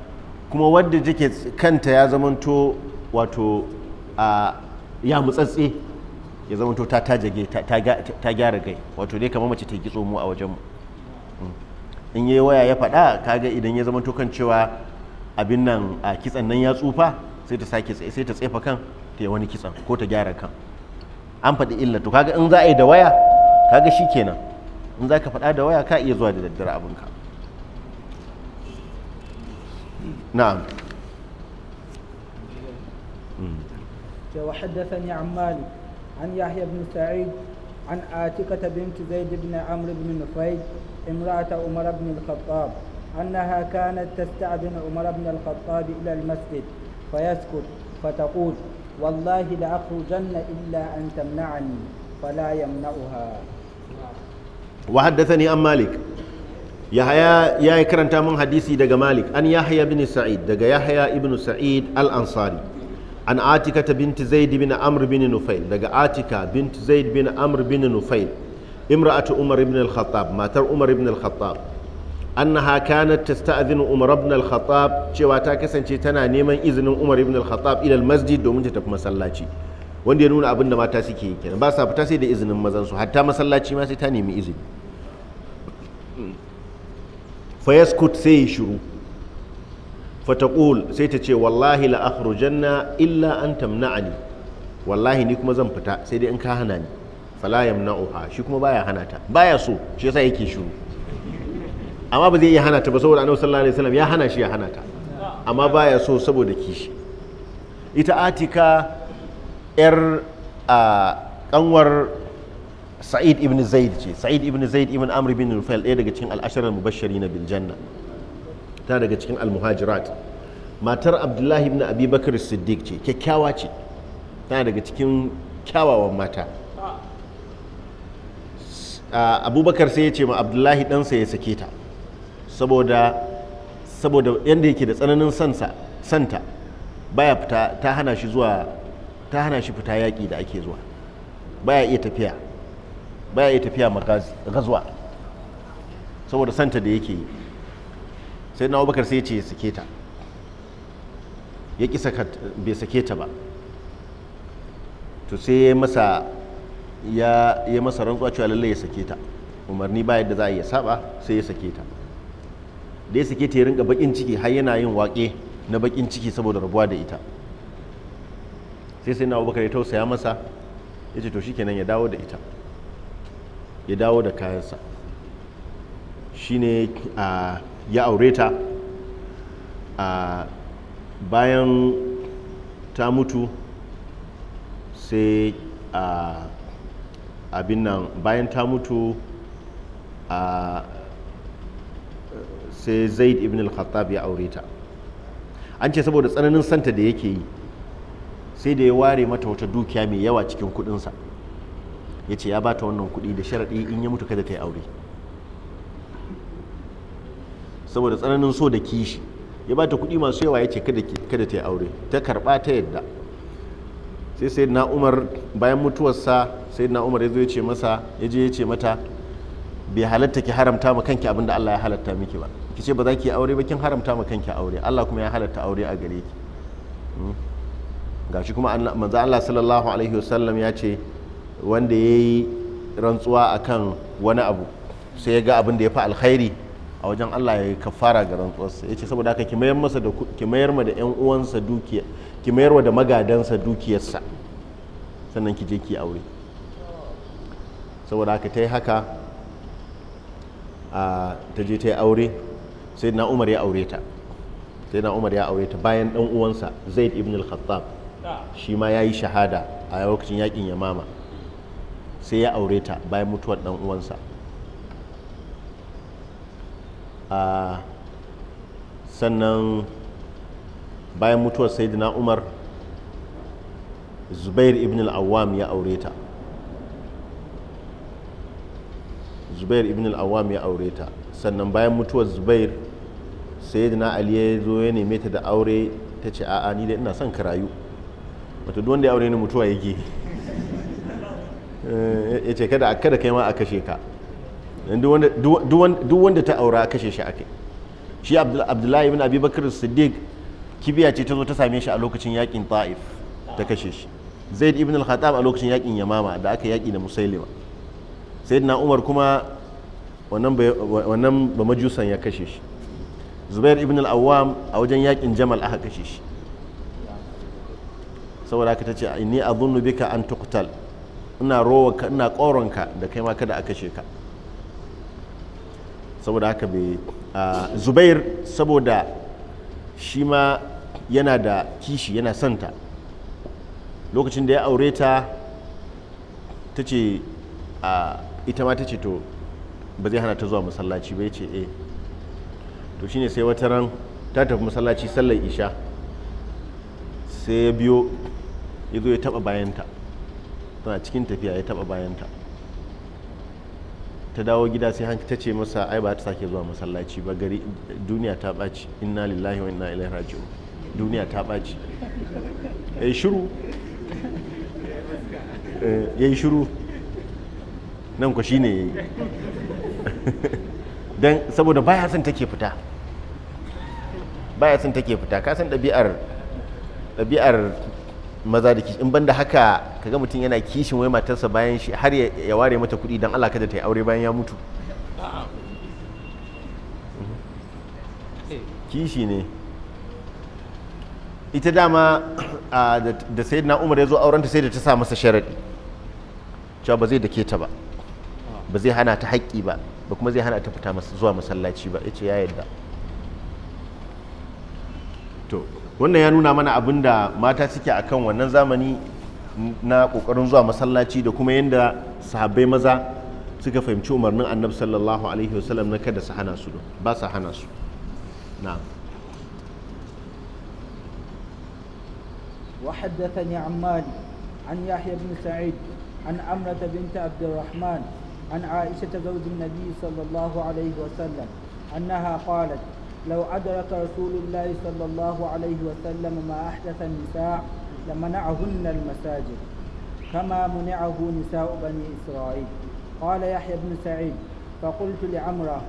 kuma wadda take kanta ya to wato a ya mutsatse ya ta ta gyara gai wato dai kamar mace ta kitso mu a wajenmu mm. in yi waya ya faɗa kaga idan ya zama to cewa abin nan a kitsan nan ya tsufa sai ta sake sai ta tsefa kan ta yi wani kitsan ko ta gyara kan an faɗi illa to kaga in za a yi da waya kaga shi kenan in za ka faɗa da waya ka iya zuwa da daddare abinka na'am وحدثني عن مالك عن يحيى بن سعيد عن آتكة بنت زيد بن عمرو بن نفيل امرأة عمر بن الخطاب أنها كانت تستأذن عمر بن الخطاب إلى المسجد فيسكت فتقول والله لأخرجن إلا أن تمنعني فلا يمنعها wa haddathani an malik yahaya ya yi karanta min hadisi daga malik an yahya bin sa'id daga yahya ibn sa'id al-ansari an atika ta binti zaid bin amr bin nufail daga atika binti zaid bin amr bin nufail imra'atu umar ibn al matar umar ibn al-khattab annaha kanat tasta'dhinu umar ibn cewa ta kasance tana neman izinin umar ibn masjid domin ta tafi masallaci wanda ya nuna abin da mata suke yi kenan ba sa fita sai da izinin mazan su hatta masallaci ma sai ta nemi izini fayaskut sai ya shiru fataqul sai ta ce wallahi la akhrujanna illa an tamna'ani wallahi ni kuma zan fita sai dai in ka hana ni fala yamna'uha shi kuma baya hana ta baya so shi yasa yake shiru amma ba zai iya hana ta ba saboda annabi sallallahu alaihi wasallam ya hana shi ya hana ta amma baya so saboda kishi ita atika 'yar ƙanwar sa'id ibn zaid ce sa'id ibn zaid ibn amr ibn nufail ɗaya daga cikin al'ashirar mubashari na biljanna ta daga cikin almuhajirat matar abdullahi ibn abi bakar siddiq ce kyakkyawa ce ta daga cikin kyawawan mata abubakar sai ya ce ma abdullahi ɗansa ya sake ta saboda saboda yadda yake da tsananin santa baya fita ta hana shi zuwa ta hana shi fita yaƙi da ake zuwa baya iya tafiya baya iya tafiya magazuwa saboda santa da yake yi sai na abubakar sai ce ya sake ta ya ƙi bai sake ta ba to sai ya masa ya yi masa rantsuwa cewa lallai ya sake ta umarni ba yadda za a iya saba sai ya sake ta da ya sake ta ya rinka bakin ciki har yana yin waƙe na bakin ciki saboda rabuwa da ita sai sai na abubakar ya tausaya masa ya ce to shikenan ya dawo da ita ya dawo da kayansa shine ne ya aure ta bayan ta mutu sai abin nan bayan ta mutu a sai zaid ibn al-khattab ya aure ta an ce saboda tsananin santa da yake yi sai da ya ware mata wata dukiya mai yawa cikin kuɗinsa ya ce ya ba wannan kuɗi da sharaɗi in ya mutu kada ta yi aure saboda tsananin so da kishi ya ba ta kuɗi masu yawa ya ce kada ta yi aure ta karɓa ta yadda sai sai na umar bayan mutuwarsa sai na umar ya zo ya ce ce mata bai halatta ki haramta ma kanki abin Allah ya halatta miki ba ki ce ba za ki yi aure ba kin haramta ma kanki aure Allah kuma ya halatta aure a gare ki hmm? gashi kuma manzo Allah sallallahu alaihi wasallam ya ce wanda ya yi rantsuwa a kan wani abu sai ya ga abin da ya fi alkhairi a wajen Allah ya yi kafara ga rantsuwarsa ya ce saboda haka ki mayar masa da ki mayar ma da ƴan uwansa dukiya ki mayar da magadansa dukiyarsa sannan ki je ki aure saboda haka ta yi haka a ta je ta yi aure sai na umar ya aure ta sai na umar ya aure ta bayan ɗan uwansa zaid ibn al-khattab shi ma ya yi shahada a lokacin yakin yamama sai ya aure ta bayan mutuwar ɗan uwansa sannan bayan mutuwar sayyidina umar zubair ibn al-awwam ya aure ta zubair ibn al-awwam ya aure ta sannan bayan mutuwar zubair sayyidina ali ya zo ya neme ta da aure ta ce a'a ni dai ina son ka rayu wato duk wanda ya aure ni mutuwa yake eh, ya ce kada kada kai ma a kashe ka duk wanda ta aura a kashe shi akai shi abdullahi ibn abi bakr siddiq kibiya ce ta zo ta same shi a lokacin yakin ta'if ta kashe shi zaid ibn al-khattab a lokacin yakin yamama da aka yaki da musailima sayyidina umar kuma wannan ba majusan ya kashe shi zubair ibn al-awwam a wajen yakin jamal aka kashe shi saboda ka tace ni adhunnu bika an tuqtal ina rowanka ina koronka da kai ma da aka sheka saboda haka bai zubair saboda shi ma yana da kishi yana santa lokacin da ya aure ta ta ce ita ma ta ce to ba zai hana ta zuwa masallaci bai ce eh to shine sai wata ran ta tafi masallaci sallar isha sai ya biyo ya zo ya taba bayanta tana cikin tafiya ya taba bayanta ta dawo gida sai hanki ta ce masa ai ba ta sake zuwa masallaci ba gari duniya ta ɓaci inna lillahi wa inna ilaihi raji'un duniya ta ɓaci ya yi shiru eh, ya yi shiru nan ku shine ya yi *laughs* don saboda baya son take fita baya son take fita ka san ɗabi'ar ɗabi'ar maza da kishi in ban da haka kaga mutum yana kishin wai matarsa bayan shi har ya ware mata kuɗi don Allah kada ta yi aure bayan ya mutu kishi ne ita dama da sai na umar ya zo auren ta sai da ta sa masa sharaɗi cewa ba zai dake ta ba ba zai hana ta haƙƙi ba ba kuma zai hana ta fita zuwa masallaci ba ya ce ya yadda to wannan ya nuna mana abin da mata suke a kan wannan zamani na ƙoƙarin zuwa masallaci da kuma yadda sahabbai maza suka fahimci umarnin annabi sallallahu alaihi wasallam na kada su hana su ba su hana su na'am وحدثني عن مالك عن يحيى بن سعيد عن أمرة بنت عبد الرحمن عن عائشة زوج النبي صلى الله عليه وسلم أنها قالت لو أدرك رسول الله صلى الله عليه وسلم ما أحدث النساء لمنعهن المساجد كما منعه نساء بني إسرائيل قال يحيى بن سعيد فقلت لعمرة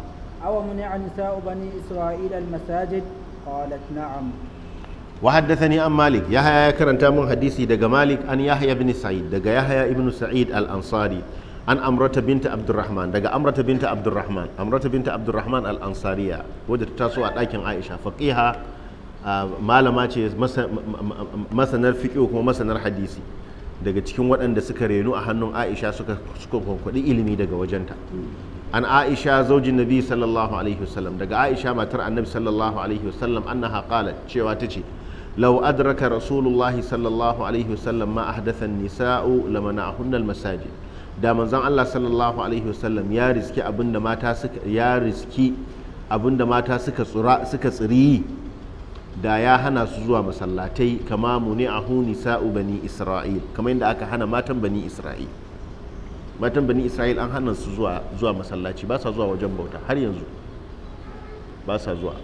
أو منع نساء بني إسرائيل المساجد قالت نعم وحدثني عن مالك يحيى كرنت من حديثي دغ مالك أن يحيى بن سعيد دغ يحيى بن سعيد الأنصاري an amrata binta abdurrahman daga amrata binta abdurrahman amrata binta abdurrahman al-ansariya wadda ta taso a ɗakin aisha faqiha malama ce masanar fiqh kuma masanar hadisi daga cikin waɗanda suka renu a hannun aisha suka kwankwaɗi ilimi daga wajenta an aisha zaujin nabi sallallahu alaihi wasallam daga aisha matar annabi sallallahu alaihi wasallam annaha qalat cewa ce lau adraka rasulullahi sallallahu alaihi wasallam ma ahdatha nisau lamana'ahunna masajid da manzon Allah sallallahu alaihi wasallam ya riski abinda mata suka ya riski abinda mata suka tsura suka tsiri da ya hana su zuwa masallatai kama muni huni sa'u bani isra'il kamar yadda aka hana matan bani isra'il matan bani isra'il an hana su zuwa zuwa masallaci ba sa zuwa wajen bauta har yanzu ba sa zuwa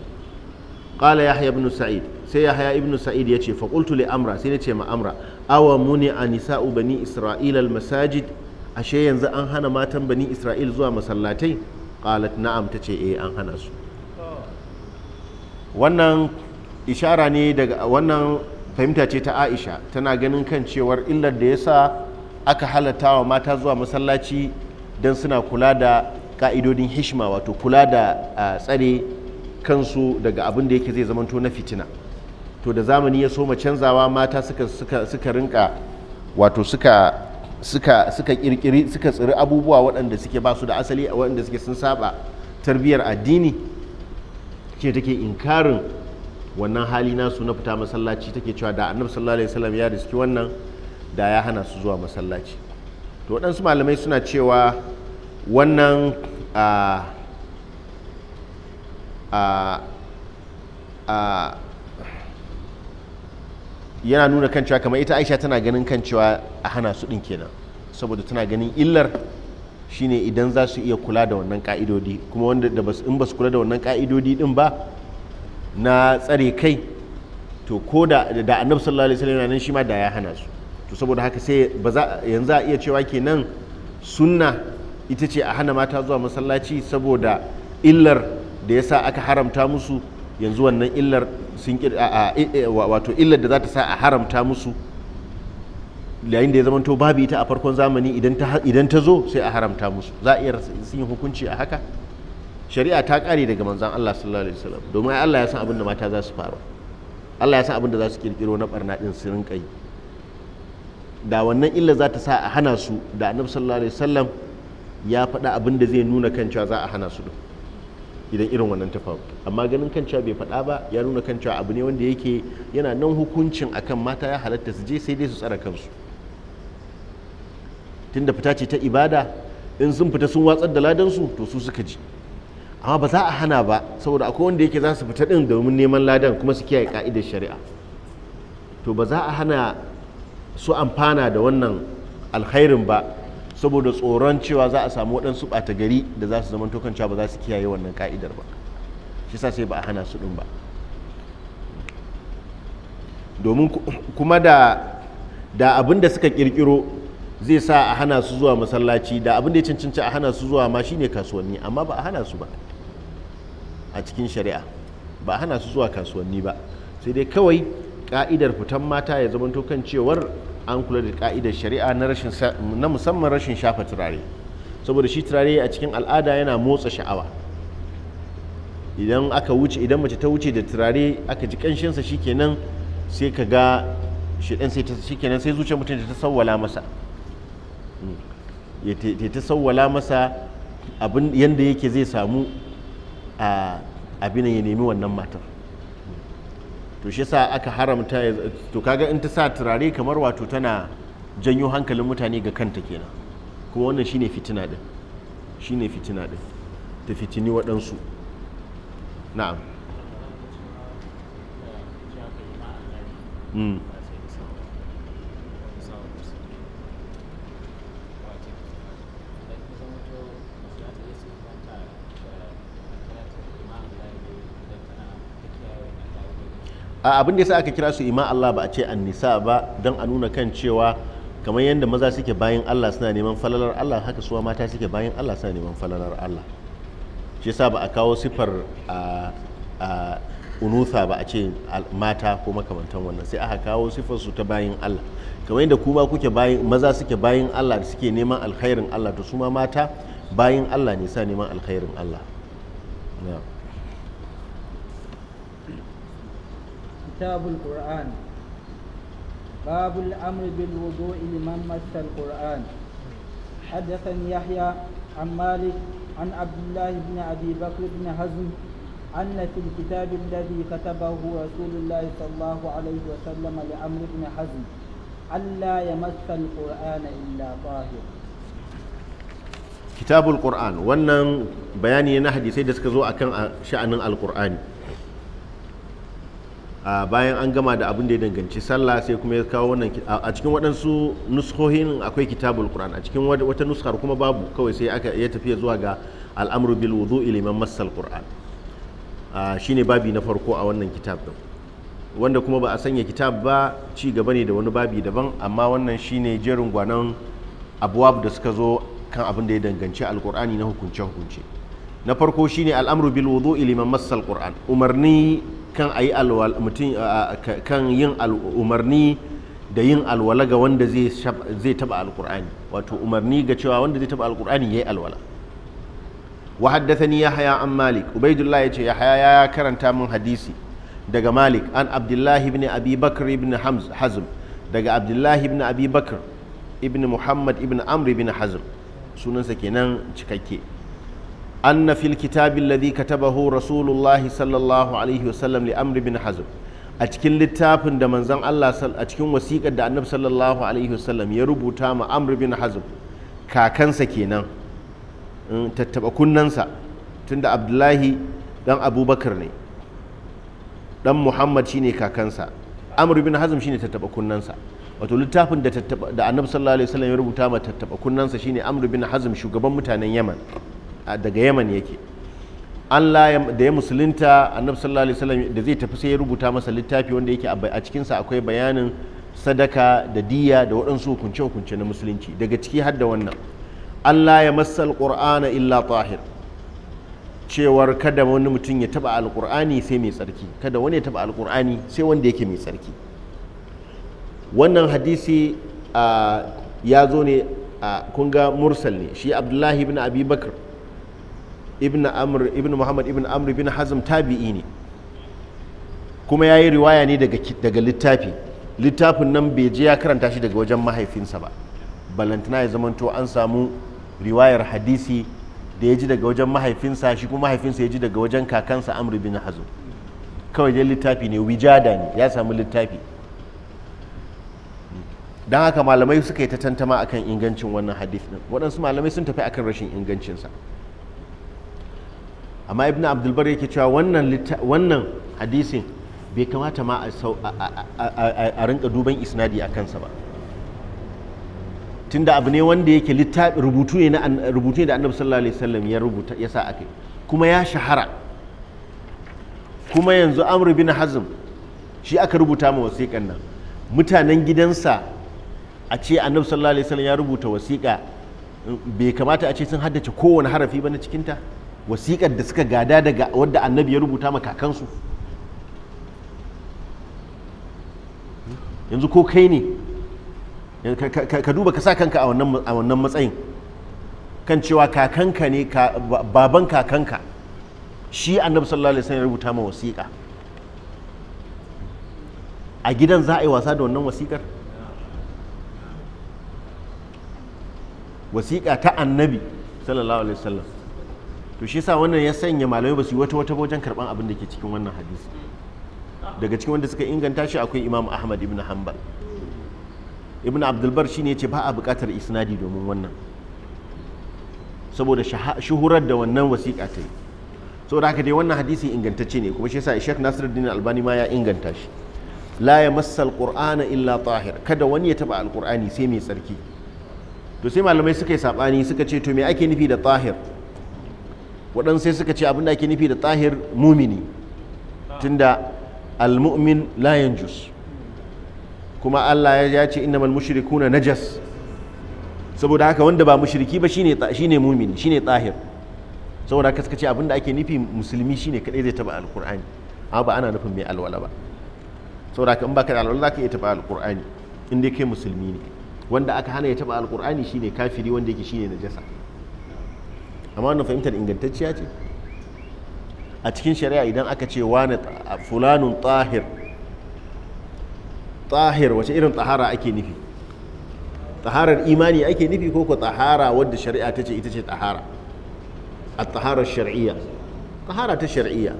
qala yahya ibn sa'id sai yahya ibn sa'id yace fa qultu li amra sai ce ma amra awa muni a nisa'u bani isra'il al masajid ashe yanzu an hana matan bani isra'il zuwa masallatai qalat na'am ta ce eh an hana su wannan ishara ne daga wannan fahimta ce ta aisha tana ganin kan cewar illar da ya sa aka halatta wa mata zuwa masallaci don suna kula da ka'idodin hishma wato kula da tsare kansu daga abin da yake zai zamanto na fitina to da zamani ya soma canzawa mata suka rinka wato suka suka kirkiri suka tsiri abubuwa waɗanda suke ba su da asali waɗanda suke sun saba tarbiyyar addini ce take inkarin wannan hali nasu na fita masallaci take cewa da annabi sallallahu alaihi wasallam ya riski wannan da ya hana su zuwa masallaci to waɗansu malamai suna cewa wannan a ah, ah, ah, yana nuna kan cewa kamar ita aisha tana ganin kan cewa a hana su ɗin kenan saboda tana ganin illar shine idan za su iya kula da wannan ka'idodi kuma wanda da in ba su kula da wannan ka'idodi din ba na tsare kai to ko da da annabi sallallahu alaihi wasallam nan shi ma da ya hana su to saboda haka sai ba yanzu a iya cewa kenan sunna ita ce a hana mata zuwa masallaci saboda illar da yasa aka haramta musu yanzu wannan illar sun wato illar da za ta sa a haramta musu yayin da ya zamanto babu ita a farkon zamani idan ta zo sai a haramta musu za a iya sun yi hukunci a haka shari'a ta kare daga manzan Allah sallallahu alaihi wasallam domin Allah ya san abin da mata za su faru Allah ya san abin da za su kirkiro na barna din su rinka yi da wannan illa za ta sa a hana su da annabi sallallahu alaihi wasallam ya faɗa abin da zai nuna kan cewa za a hana su duk idan irin wannan ta amma ganin kan cewa bai faɗa ba ya nuna kan cewa abu ne wanda yake yana nan hukuncin akan mata ya halatta su je sai dai su tsara kansu tunda fita ce ta ibada in sun fita sun watsar da ladansu to su suka ji amma ba za a hana ba saboda akwai wanda yake za su fita din domin neman ladan kuma su kiyaye ka'idar shari'a to ba za a hana su amfana da wannan alkhairin ba saboda tsoron cewa za a samu waɗansu ɓata gari da za su zama tokan cewa ba za su kiyaye wannan ka'idar ba shi sa sai ba a hana su ɗin ba domin kuma da da abin da suka kirkiro zai sa a hana su zuwa masallaci da abin da ya cancanci a hana su zuwa ma shine kasuwanni amma ba a hana su ba a cikin shari'a ba a hana su zuwa kasuwanni ba sai dai kawai ka'idar fitan mata ya zama tokan cewar an kula da ka'idar shari'a na musamman rashin shafa turare saboda shi turare a cikin al'ada yana motsa sha'awa idan aka wuce idan mace ta wuce da turare aka ji kanshinsa shikenan sai ka ga shi sai ta sai zuciyar mutum ta sawwala masa hmm. ya ta sawwala masa abin yanda yake zai samu a abinan ya nemi wannan matar to shi sa aka haramta to kaga in ta sa turare kamar wato tana janyo hankalin mutane ga kanta kenan kuma wannan shine fitina din shine fitina din ta fitini waɗansu na'am hmm. abin da yasa aka kira su ima Allah ba a ce annisa ba don a nuna kan cewa kamar yadda maza suke bayan Allah suna neman falalar Allah haka suwa mata suke bayan Allah suna neman falalar Allah shi yasa ba a kawo sifar a unutha ba a ce mata ko makamantan wannan sai aka kawo sifar su ta bayan Allah kamar yadda kuma kuke bayan maza suke bayan Allah da suke neman alkhairin Allah to su ma mata bayan Allah ne sa neman alkhairin Allah كتاب القرآن باب الأمر بالوضوء لمن مس القرآن حدثني يحيى عن مالك عن عبد الله بن أبي بكر بن حزم أن في الكتاب الذي كتبه رسول الله صلى الله عليه وسلم لعمرو بن حزم ألا يمس القرآن إلا طاهر kitabul qur'an wannan bayani na hadisai da suka zo akan sha'anin alqur'ani bayan an gama da abin da ya danganci sallah sai kuma ya kawo wannan a cikin waɗansu nuskohin akwai kitabul qur'an a cikin wata nuskar kuma babu kawai sai aka ya tafiya zuwa ga al'amru bil wudu liman massal qur'an shine babi na farko a wannan kitab din wanda kuma ba a sanya kitab ba ci gaba ne da wani babi daban amma wannan shine jerin gwanon abuwab da suka zo kan abin da ya danganci alkur'ani na hukunce-hukunce na farko shine al'amru bil wudu'i liman massal qur'an umarni kan ayi alwal mutum kan yin umarni da yin alwala ga wanda zai zai taba alqur'ani wato umarni ga cewa wanda zai taba alqur'ani yayi alwala wa haddathani yahya an malik ubaidullah yace yahya ya karanta min hadisi daga malik an abdullahi ibn abi bakr ibn hamz hazm daga abdullahi ibn abi bakr ibn muhammad ibn amr ibn hazm sunansa kenan cikakke أن في الكتاب الذي كتبه رسول الله صلى الله عليه وسلم لأمر بن حزم أتكن للتاب دا زن الله صل... أتكن وسيقة دا النبي صلى الله عليه وسلم يربو تام أمر بن حزم كاكنسا سكينا تتبع كن ننسى تند عبد الله دان أبو بكر ني دان محمد شيني كاكنسا أمر بن حزم شيني تتبع كن كننسا wato littafin da annabi sallallahu alaihi wasallam ya rubuta ma tattaba kunnansa shine amr bin hazm shugaban mutanen yaman daga yaman yake Allah da ya musulunta annabi sallallahu alaihi wasallam da zai tafi sai ya rubuta masa littafi wanda yake a cikinsa akwai bayanin sadaka da diya da waɗansu hukunce hukunce na musulunci daga ciki har da wannan Allah ya masal alqur'ana illa tahir cewar kada wani mutum ya taba alqur'ani sai mai tsarki kada wani ya taba alqur'ani sai wanda yake mai tsarki wannan hadisi ya zo ne kun ga mursal ne shi abdullahi ibn abi bakr ibn amr ibn muhammad ibn amr ibn hazm tabi'i ne kuma ya yi riwaya ne daga littafi littafin nan bai je ya karanta shi daga wajen mahaifinsa ba balantana ya zamanto an samu riwayar hadisi da ya ji daga wajen mahaifinsa shi kuma mahaifinsa ya ji daga wajen kakansa amr bin hazm kawai dai littafi ne wijada ne ya samu littafi don haka malamai suka yi ta tantama akan ingancin wannan hadith din waɗansu malamai sun tafi akan rashin ingancinsa amma ibn abdulbar yake cewa wannan hadisin bai kamata ma a rinka duban isnadi a kansa ba tunda abu ne wanda yake rubutu ne da annabi sallallahu alaihi wasallam ya rubuta ya sa akai kuma ya shahara kuma yanzu amr bin hazm shi aka rubuta ma wasiƙan nan mutanen gidansa a ce annabi sallallahu alaihi wasallam ya rubuta wasiƙa bai kamata a ce sun haddace kowane harafi ba na cikinta wasiƙar da suka gada daga wadda annabi ya rubuta ma kakansu yanzu ko kai ne ka duba ka sa kanka a wannan matsayin kan cewa kakanka ne baban kakanka shi annabi sallallahu alaihi wasallam ya rubuta ma wasiƙa a gidan za a yi wasa da wannan wasiƙar wasiƙa ta annabi sallallahu alaihi wasallam to shi yasa wannan ya sanya malamai ba su yi wata wata wajen karban abin da ke cikin wannan hadisi daga cikin wanda suka inganta shi akwai imam ahmad ibn hanbal ibn abdulbar shi ne ce ba a buƙatar isnadi domin wannan saboda shuhurar da wannan wasiƙa ta yi saboda haka dai wannan hadisi ingantacce ne kuma shi yasa Sheikh Nasiruddin Albani ma ya inganta shi la masal alqur'ana illa tahir kada wani ya taba alqur'ani sai mai tsarki to sai malamai suka yi sabani suka ce to me ake nufi da tahir waɗansu sai suka ce abin da ake nufi da tahir mumini tunda almu'min la yanjus kuma Allah ya ce mal mushrikuna najas saboda haka wanda ba mushriki ba shine shine mumini shine tahir saboda haka suka ce abin da ake nufi musulmi shine kadai zai taba alqur'ani amma ba ana nufin mai alwala ba saboda haka in baka da alwala zaka iya taba alqur'ani in dai kai musulmi ne wanda aka hana ya taba alqur'ani shine kafiri wanda yake shine najasa amma wannan fahimtar ingantacciya ce a cikin shari'a idan aka ce wani fulanun tahir tahir wace irin tahara ake nufi taharar imani ake nufi ko ko tahara wadda shari'a ta ce ita ce tahara a taharar shari'iyya tahara ta shari'iyya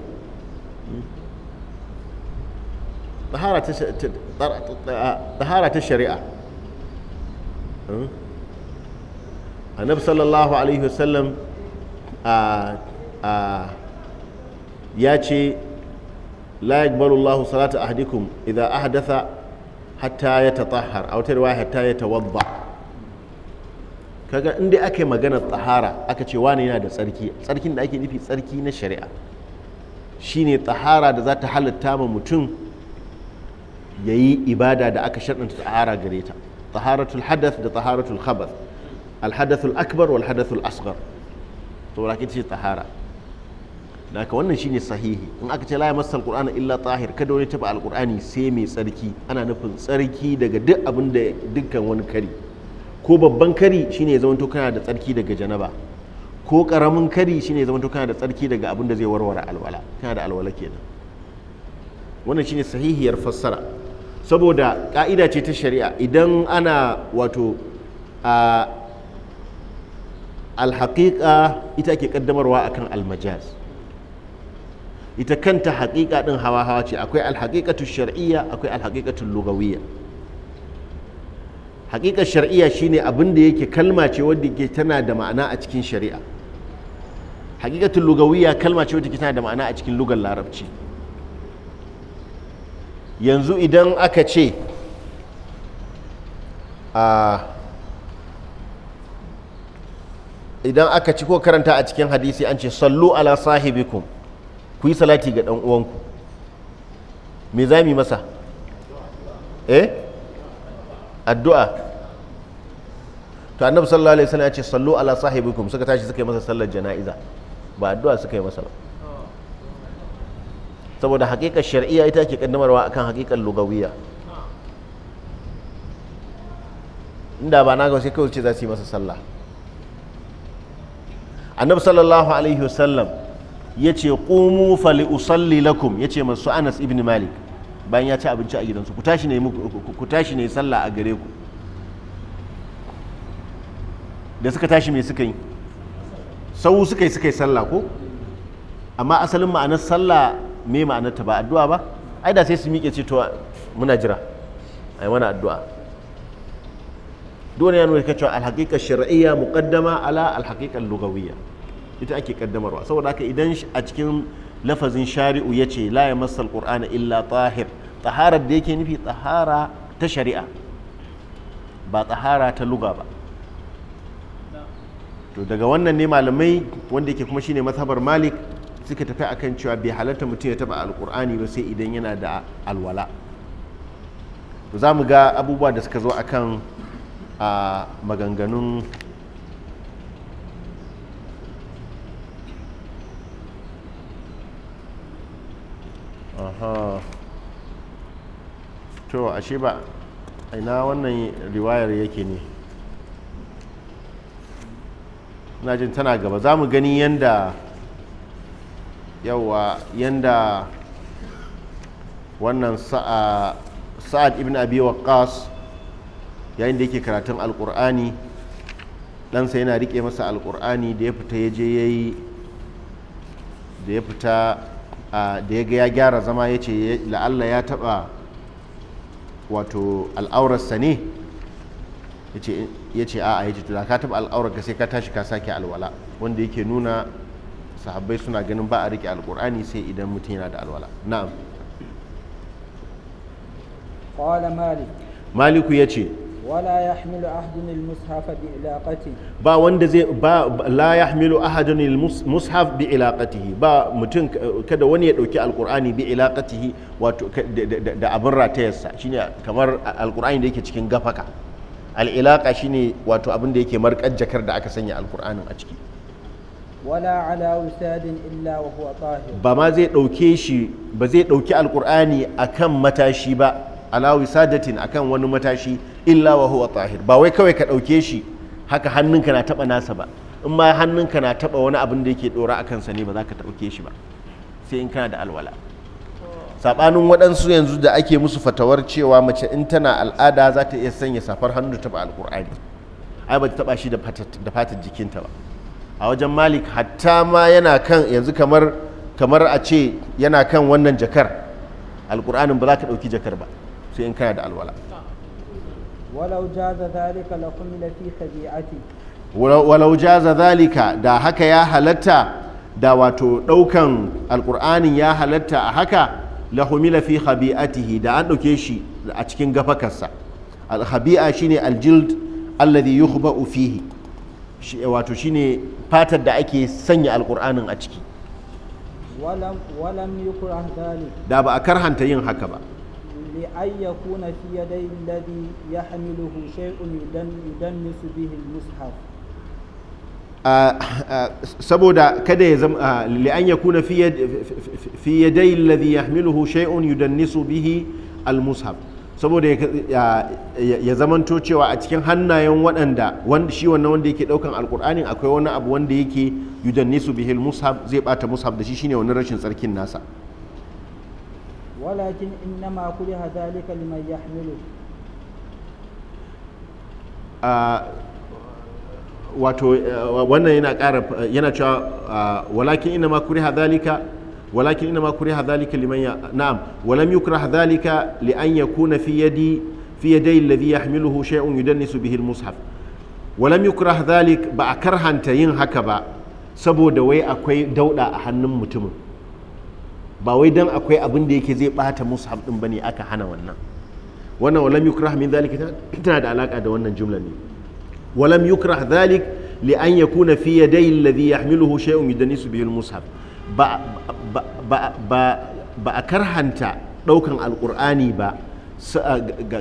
tahara ta shari'a hmm? annabi sallallahu alaihi wasallam ya ce la salatu Allahu salata ahadikum idza ahdatha hatta tsahar a wata riwaya hatta yatawadda kaga inda aka yi maganar tsahara aka ce wani yana da tsarki tsarkin da ake nufi tsarki na shari'a shine tsahara da za ta halatta ma mutum ya yi ibada da aka sharɗanta tsahara gare ta taharatul hadath da taharatul khabath al hadathul akbar wal hadathul asghar saboda ake ce tahara da ka wannan shine sahihi in aka ce laye yamassa alqur'ana illa tahir kada wani taba alqur'ani sai mai tsarki ana nufin tsarki daga duk abin da dukkan wani kari ko babban kari shine ya zamanto kana da tsarki daga janaba ko karamin kari shine ya zamanto kana da tsarki daga abin da zai warware alwala kana da alwala kenan wannan shine sahihiyar fassara saboda ka'ida ce ta shari'a idan ana wato a alhaƙiƙa ita ke ƙaddamarwa akan almajaz ita kanta haƙiƙa ɗin hawa-hawa ce akwai alhaƙiƙatu shar'iyya akwai alhaƙiƙatu lugawiyya haƙiƙar shar'iyya shine abin da yake kalma ce wadda ke tana da ma'ana a cikin shari'a haƙiƙatul lugawiyya kalma ce wadda ke tana da ma'ana a cikin lugar larabci yanzu idan aka ce a ah, idan aka ci ko karanta a cikin hadisi an ce sallu ala sahibikum ku yi salati ga uwanku me za mu masa eh addu'a to annabi sallallahu alaihi wasallam ya ce sallu ala sahibikum suka tashi suka yi masa sallar jana'iza ba addu'a suka yi masa ba saboda hakikar shar'iyya ita ke kaddamarwa akan hakikar lugawiyya inda ba na ga sai kawai ce za su yi masa sallah annabi sallallahu alaihi wasallam ya ce ƙumu fali usalli lakum ya ce masu anas ibn malik bayan ya ci abinci a gidansu ku tashi ne ku tashi ne sallah a gare ku da suka tashi me suka yi sau suka yi suka yi sallah ko amma asalin ma'anar sallah me ma'anar ta ba addu'a ba ai da sai su miƙe ce to muna jira ai wani addu'a dole ya nuna cewa alhaƙiƙa shar'iyya muqaddama ala alhaƙiƙa lugawiyya ita ake kaddamarwa saboda haka idan a cikin lafazin shari'u ya ce la yamassal qur'ana illa tahir taharar da yake nufi tahara ta shari'a ba tahara ta luga ba to daga wannan ne malamai wanda yake kuma shine mazhabar malik suka tafi akan cewa bai halatta mutum ya taba alkur'ani ba sai idan yana da alwala to za mu ga abubuwa da suka zo akan a maganganun aha to ashe ba ina wannan riwayar yake ne na jin tana gaba za mu gani yadda yawa yadda wannan sa'ad ibn abi waqqas yayin da yake karatun alkur'ani ɗansa yana riƙe masa alkur'ani da ya fita ya je ya yi da ya fita da ya ga ya gyara zama ya ce la'alla ya taɓa wato al'aurarsa ne ya ce a'a ya ce tuna ka taɓa al'aurarka sai ka tashi ka sake alwala wanda yake nuna sahabbai suna ganin ba a riƙe alkur'ani sai idan mutum yana da alwala na'am qala maliku ya ce wala yahmilu ahadun al bi ilaqati ba wanda zai ba la yahmilu ahadun al bi ilaqatihi ba mutum kada wani ya dauki alqur'ani bi ilaqatihi wato da abin ratayarsa shine kamar alqur'ani da yake cikin gafaka al-ilaqa shine wato abin da yake markar jakar da aka sanya alqur'anin a ciki wala ala wisadin illa wa huwa tahir ba ma zai dauke shi ba zai dauki alqur'ani akan matashi ba ala wisadatin akan wani matashi illa wa huwa tahir ba wai kawai ka dauke shi haka hannunka na taɓa nasa ba in ma hannunka na taba wani abin da yake ɗora a kansa ne ba za ka dauke shi ba sai in kana da alwala sabanin waɗansu yanzu da ake musu fatawar cewa mace in tana al'ada za ta iya sanya safar hannu da taɓa alƙur'ani ai ba ta taba shi da fatar jikinta ba a wajen malik hatta ma yana kan yanzu kamar kamar a ce yana kan wannan jakar alƙur'anin ba za ka ɗauki jakar ba sai in kana da alwala walau jaza zalika la kumila fi tabi'ati walau jaza zalika da haka ya halatta da wato daukan alqur'anin ya halatta a haka la humila fi khabi'atihi da an dauke shi a cikin gafakarsa al khabi'a shine al jild alladhi yukhba'u fihi wato shine fatar da ake sanya alqur'anin a ciki walam yukrah dhalik da ba a karhanta yin haka ba بأن يكون في يدي الذي يحمله شيء يدنس به المصحف saboda kada ya zama li'an ya kuna fi yadai alladhi yahmiluhu shay'un yudannisu bihi al-mushaf saboda ya zamanto cewa a cikin hannayen waɗanda wanda shi wannan wanda yake ɗaukan alƙur'anin akwai wani abu wanda yake yudannisu bihi al-mushaf zai bata mushaf da shi shine wani rashin tsarkin nasa ولكن إنما كره ذلك لمن يحمله wato wannan yana ƙara yana cewa walakin inna ma kuriha walakin inna ma kuriha liman ya na'am walam yukrah dhalika li an yakuna fi yadi fi yaday alladhi yahmiluhu shay'un yudannisu bihi almushaf walam yukra dhalik ba a karhanta yin haka ba saboda wai akwai dauda a hannun mutumin ba wai dan akwai abin da yake zai bata mushaf din bane aka hana wannan wannan walam yukrah min zalik tana da alaka da wannan jumla ne walam yukrah zalik li an yakuna fi yaday alladhi yahmiluhu shay'un yudanisu bihi al-mushaf ba ba ba ba a karhanta daukan alqur'ani ba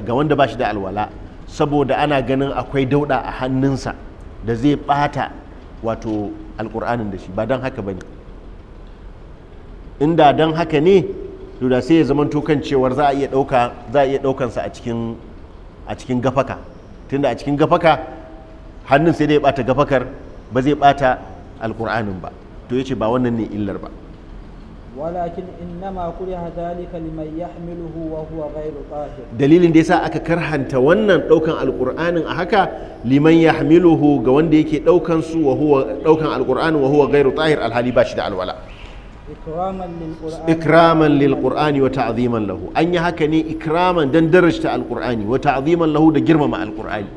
ga wanda ba shi da alwala saboda ana ganin akwai dauda a hannunsa da zai bata wato alqur'anin da shi ba dan haka bane inda don haka ne da sai ya zama kan cewar za a iya ɗauka za a iya ɗaukansa a cikin a cikin gafaka tunda a cikin gafaka hannun sai dai bata gafakar ba zai bata alkur'anin ba to yace ba wannan ne illar ba walakin innama kuriha dhalika liman yahmiluhu wa huwa ghayru tahir dalilin da yasa aka karhanta wannan daukan alqur'anin a haka liman yahmiluhu ga wanda yake daukan su wa huwa daukan alqur'anin wa huwa ghayru tahir alhali ba shi da alwala ikraman lil qur'ani wa ta'ziman lahu an yi haka ne ikraman dan darajta alqur'ani wa ta'ziman lahu da girmama alqur'ani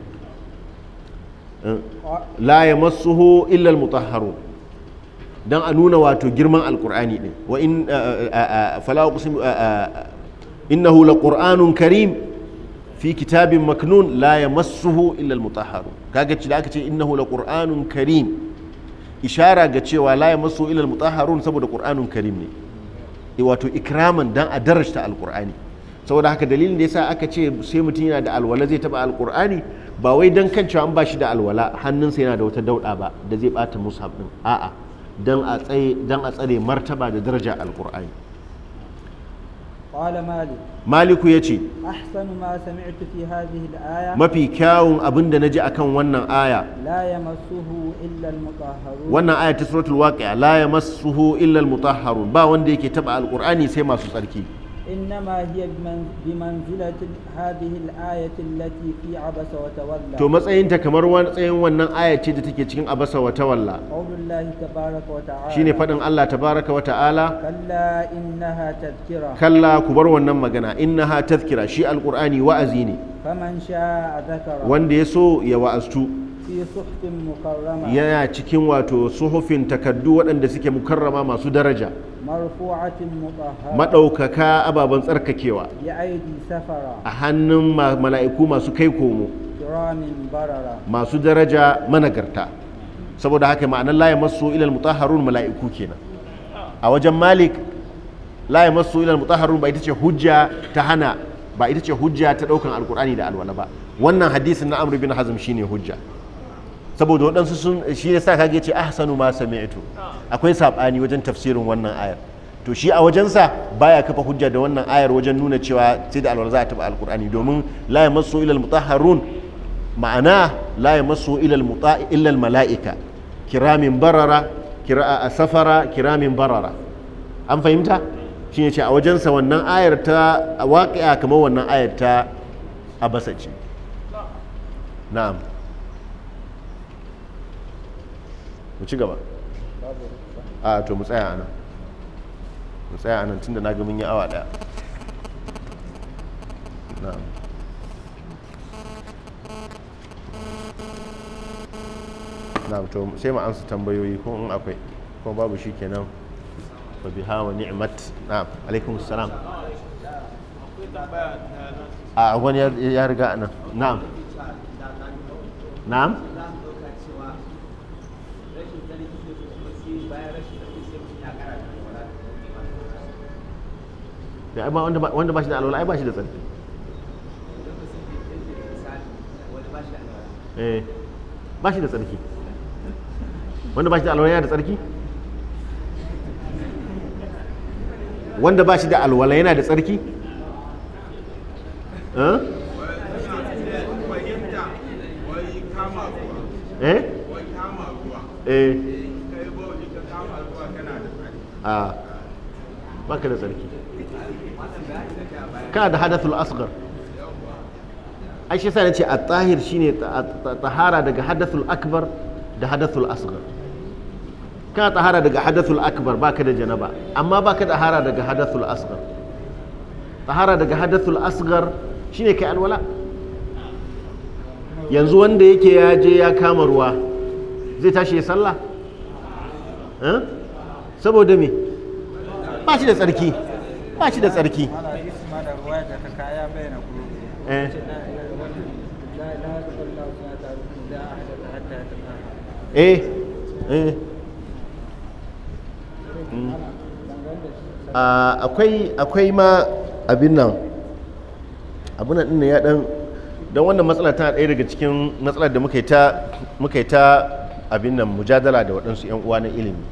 la yamassuhu illa almutahharun dan a nuna wato girman alqur'ani din wa in fala uqsim innahu karim fi kitabin maknun la yamassuhu illa almutahharun kaga ci da aka ce innahu laqur'anun karim ishara ga cewa la ya masu ilal mutaharun saboda ƙur'anun karim ne e, wato ikraman dan a darasta Alƙur'ani saboda haka dalilin da ya sa aka ce sai mutum yana da alwala zai taba Alƙur'ani ba wai dan kan cewa an ba shi da alwala hannunsa yana da wata dauɗa ba da zai ɓata musa ɗin a'a dan a tsare martaba da daraja Alƙur'ani. قال مالك مالك يجي أحسن ما سمعت في هذه الآية ما في كاون أبن نجي أكون ونا آية لا يمسه إلا المطهرون ونا آية سورة الواقع لا يمسه إلا المطهرون با وندي كتاب القرآن سيما سوسركي إنما هي بمنزلة هذه الآية التي في عبس وتولى تو kamar matsayin wannan aya da take cikin abasa wa tawalla qaulullahi tabaaraka wa ta'ala shine fadin Allah tabaaraka wa ta'ala kalla innaha tadhkira kalla ku bar wannan magana innaha tadhkira shi alqur'ani wa'azi ne faman sha'a dhakara wanda yaso ya wa'astu yana cikin wato suhufin takaddu waɗanda suke mukarrama masu daraja maɗaukaka ababen tsarkakewa a hannun mala'iku masu kai komo masu daraja managarta saboda haka ma'anar laye masu ilal mutaharun mala'iku kenan a wajen malik laye masu ilal mutaharun ba ita ce hujja ta hana ba ita ce hujja ta ɗaukan alkur'ani da alwala ba wannan hadisin na amurbin bin hazm shine hujja saboda waɗansu sun shi ya sa kage ce ahsanu ma sami'tu akwai sabani wajen tafsirin wannan ayar to shi a wajensa baya kafa hujja da wannan ayar wajen nuna cewa sai da alwala za a taɓa alkur'ani domin la yamassu ilal mutahharun ma'ana la yamassu ilal muta illal mala'ika kiramin barara kira a safara kiramin barara an fahimta shine ce a wajensa wannan ayar ta waƙi'a kamar wannan ayar ta abasa ce na'am mu ci gaba a to mu tsaya anan mu tsaya anan tunda na ga mun yi awa daya na'am na'am to sai mu ansa tambayoyi ko in akwai ko babu shi kenan ba biha wa ni'mat na'am alaikum assalam a wani ya riga nan na'am na'am da ba wanda ba shi da alwala ai ba shi da tsarki eh ba shi da tsarki wanda ba shi da alwala yana da tsarki wanda ba shi da alwala yana da tsarki eh eh, eh. Ah, a da tsarki ka da hadathul asghar ai shi yasa nace at-tahir shine tahara daga hadathul akbar da hadathul asghar ka tahara daga hadathul akbar baka da janaba amma baka da tahara daga hadathul asghar tahara daga hadathul asghar shine kai alwala yanzu wanda yake ya je ya kama ruwa zai tashi ya sallah eh? saboda me ba shi da tsarki ba shi da tsarki eh. Eh, eh. Mm. Ah, akwai ma abin nan abin nan ya dan don wannan matsala tana ɗaya daga cikin matsalar da muka yi ta abin nan mujadala da waɗansu 'yan uwa na ilimi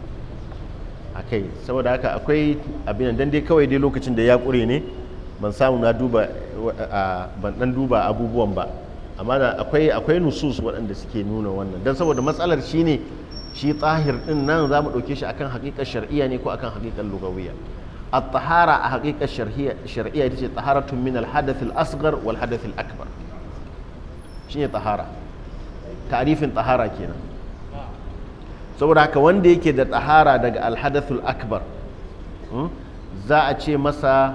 kai saboda haka akwai abin dan dai kawai dai lokacin da ya kure ne ban samu na duba ban dan duba abubuwan ba amma akwai akwai nusus waɗanda suke nuna wannan dan saboda matsalar shine shi tsahir din nan za mu ɗauke shi akan haƙiƙar shar'iyya ne ko akan haƙiƙar lugawiyya الطهارة حقيقة شرعية شرعية تجي طهارة من wal الأصغر والحدث akbar شنو طهارة تعريف طهارة kenan. saboda haka wanda yake da tsahara daga alhadathul akbar hmm, za a ce masa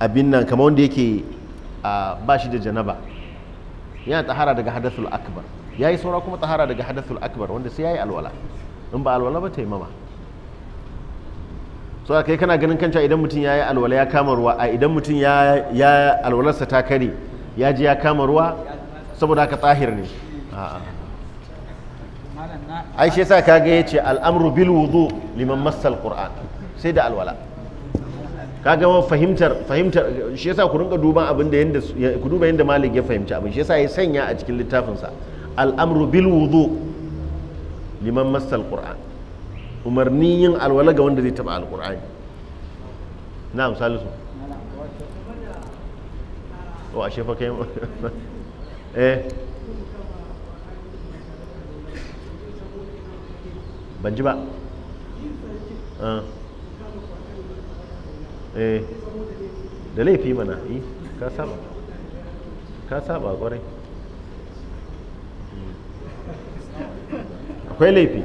abin nan kamar wanda yake ba shi da janaba yana tsahara daga hadathul akbar ya yi saura kuma tsahara daga hadathul akbar wanda sai ya yi alwala in ba alwala ba taimama so a kai kana ganin kanca idan mutum ya yi alwala ya kama ruwa a idan mutum ya alwalarsa ta kare ya ji ya kama ruwa saboda haka tsahir ne a'a ai shi yasa kaga yace al'amru bil wudu liman massal kur'an sai da alwala kaga wa fahimtar fahimtar shi yasa ku rinka duban abin da yanda ku duba yanda malik ya fahimci abin shi yasa ya sanya a cikin littafin sa al'amru bil wudu liman massal qur'an umarni yin alwala ga wanda zai taba alqur'ani na'am salisu wa oh, ashe fa kai *laughs* eh ban ji ba ah. eh da laifi mana yi eh. ka saba ka saba kwarai hmm. akwai laifi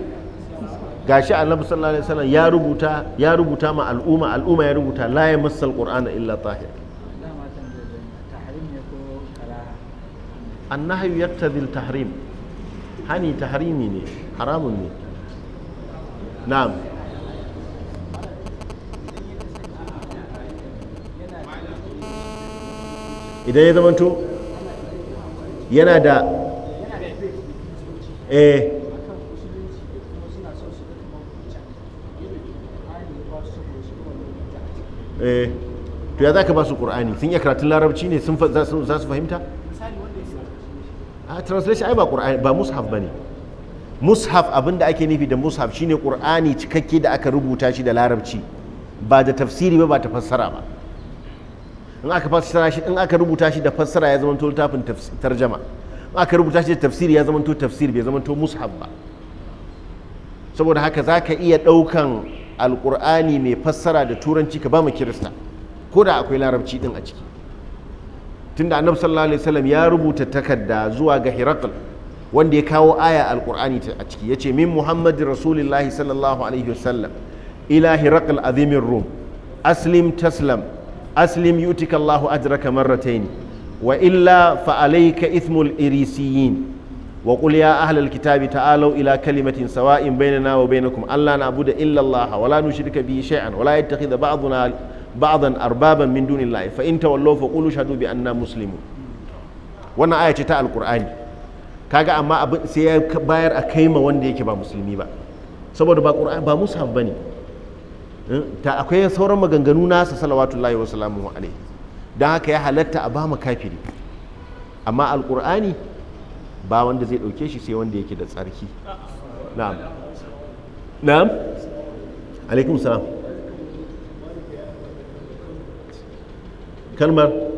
gashi annabi sallallahu alaihi wasallam ya rubuta ya rubuta ma al'umma al'umma ya rubuta la yamassal qur'ana illa tahir annahyu yaqtadhi al-tahrim hani tahrimi ne haramun ne na'am idan ya zamanto yana da eh eh to ya za ka ba su ƙur'ani sun iya karatun larabci ne sun za su fahimta? a ah, translation ai ba ƙur'ani ba mushaf ba ne mushaf abin da ake nufi da mushaf shine qur'ani cikakke da aka rubuta shi da larabci ba da tafsiri ba ba ta fassara ba in aka fassara shi in aka rubuta shi da fassara ya zama to littafin tarjama in aka rubuta shi da tafsiri ya zama to tafsir bai zama to mushaf ba saboda haka zaka iya ɗaukan alƙur'ani mai fassara da turanci ka ba mu kirista ko da akwai larabci din a ciki tunda annabi sallallahu alaihi wasallam ya rubuta takarda zuwa ga hirakul wanda ya kawo aya alkur'ani a ciki ya ce min muhammad rasulillahi sallallahu alaihi wasallam ila hirakal azimin rum aslim taslam aslim yutika allahu ajraka marrataini wa illa fa alayka ithmul irisiyin wa qul ya ahlal kitabi ta'alu ila kalimatin sawa'in bainana wa bainakum alla na'budu illa allah wa la nushrika bihi shay'an wa la yattakhidha ba'duna ba'dan arbaban min dunillahi fa in tawallaw fa qulu shahadu bi anna muslimun wannan aya ce ta alkur'ani kaga amma abin sai ya bayar a kaima wanda yake ba musulmi ba saboda ba qur'ani ba ba bane ta hmm? akwai sauran maganganu nasa salawatullahi wa salamuhu alaihi dan haka ya halatta a ba mu kafiri amma alqur'ani ba wanda zai dauke shi sai wanda yake da tsarki na'am na'am alaikum salam kalmar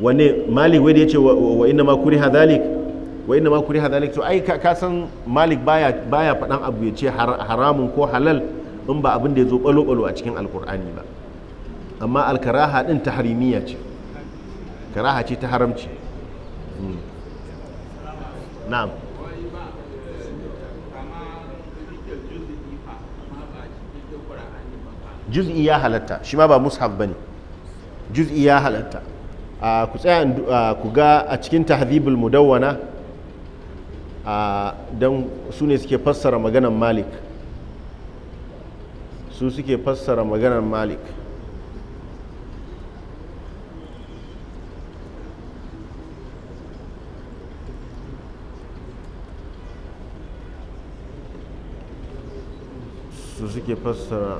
wanne malik wanda yace wa inna ma Kuri dhalik wa inna ma kuriha dhalik to ai ka san malik baya baya fadan abu ce haramun ko halal in ba abin da ya zo balo balo a cikin alqur'ani ba amma alkaraha din harimiya ce karaha ce ta haramci hmm. na'am juz'i ya halatta shi ma ba mushaf bane juz'i ya halatta ku tsaya ku ga a cikin tahdhibul mudawwana don su ne suke fassara maganan malik su suke fassara maganan malik su suke fassara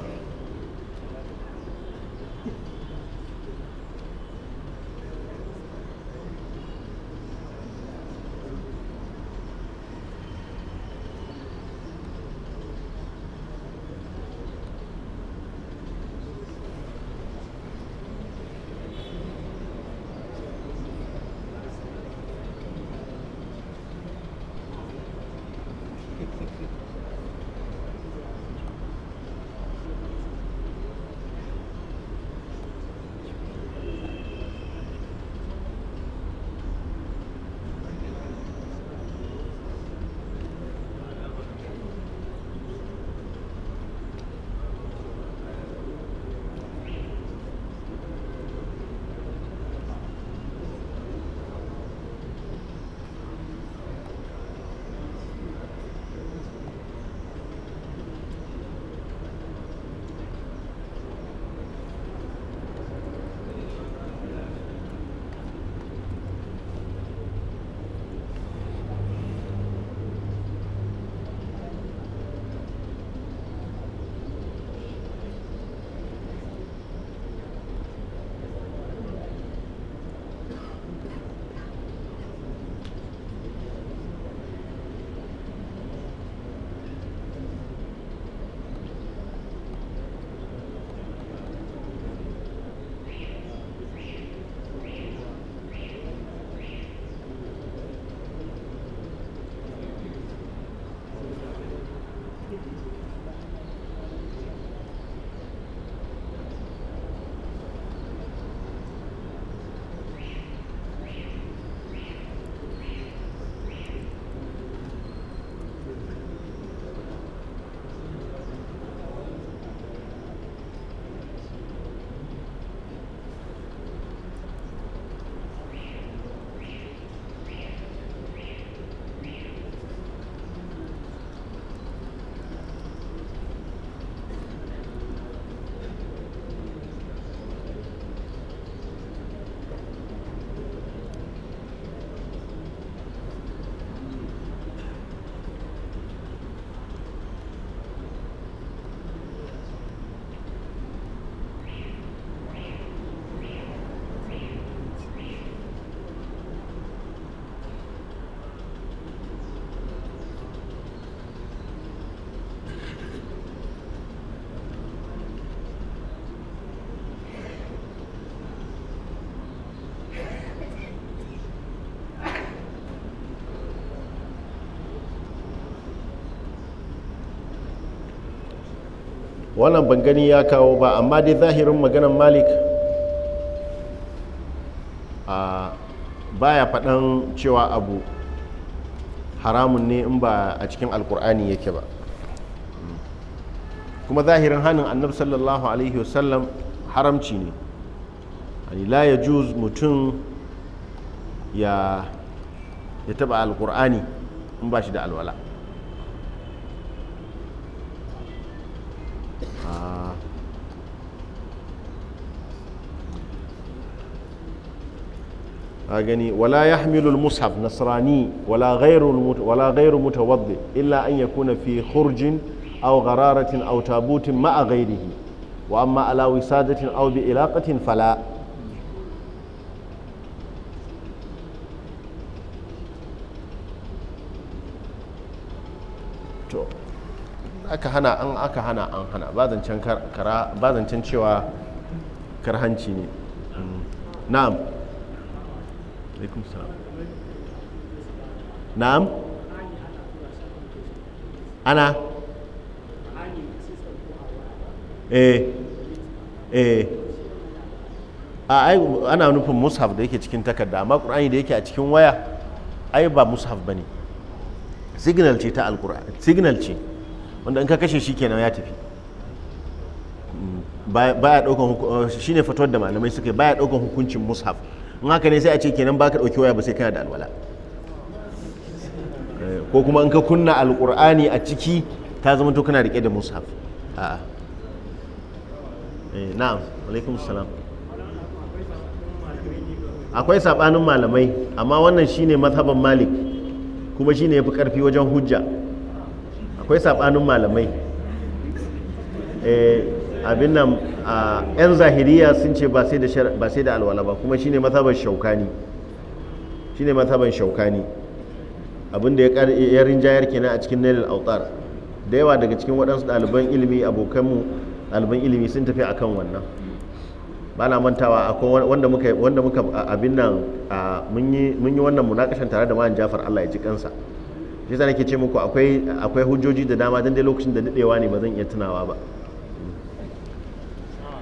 wannan ban gani ya kawo ba amma dai zahirin maganan malik a baya faɗan cewa abu haramun ne in ba a cikin alkur'ani yake ba kuma zahirin hannun annab sallallahu alaihi wasallam haramci ne yani la ya juz mutum ya taba alkur'ani in ba shi da alwala ka gani wala yahmilul mushaf nasrani wala ghairu wala illa an kuna fi khurjin aw ghararatin aw tabutin ma'a ghairihi wa amma ala wisadatin aw bi ilaqatin fala to aka hana an aka hana an hana cewa karhanci ne mm. na'am alaikum salam na'am ana eh eh a ana nufin mushaf da yake cikin takarda amma qur'ani da yake a cikin waya ai ba mushaf bane signal ce ta alqur'ani signal ce wanda in ka kashe shi kenan ya tafi mm, baya daukan shine fatawar da malamai suka baya daukan hukuncin mushaf in haka ne sai a ce kenan baka ɗauki waya ba sai kana da alwala eh, ko kuma in ka kunna alƙur'ani a ciki ta zama to kana riƙe da mushaf a'a eh, na'am alaikum salam akwai sabanin malamai amma wannan shine mazhaban malik kuma shine yafi karfi wajen hujja akwai sabanin malamai eh abin nan yan zahiriya sun ce ba sai da alwala ba kuma shine mazhaban shaukani shine mazhaban shaukani abin da ya rinjayar kenan a cikin nailal autar da yawa daga cikin waɗansu ɗaliban ilimi abokanmu ɗaliban ilimi sun tafi akan wannan ba na mantawa akwai wanda muka wanda muka abin nan mun yi wannan munakashan tare da malam Jafar Allah ya ji kansa shi sa nake ce muku akwai hujjoji da dama dan dai lokacin da dadewa ne ba zan iya tunawa ba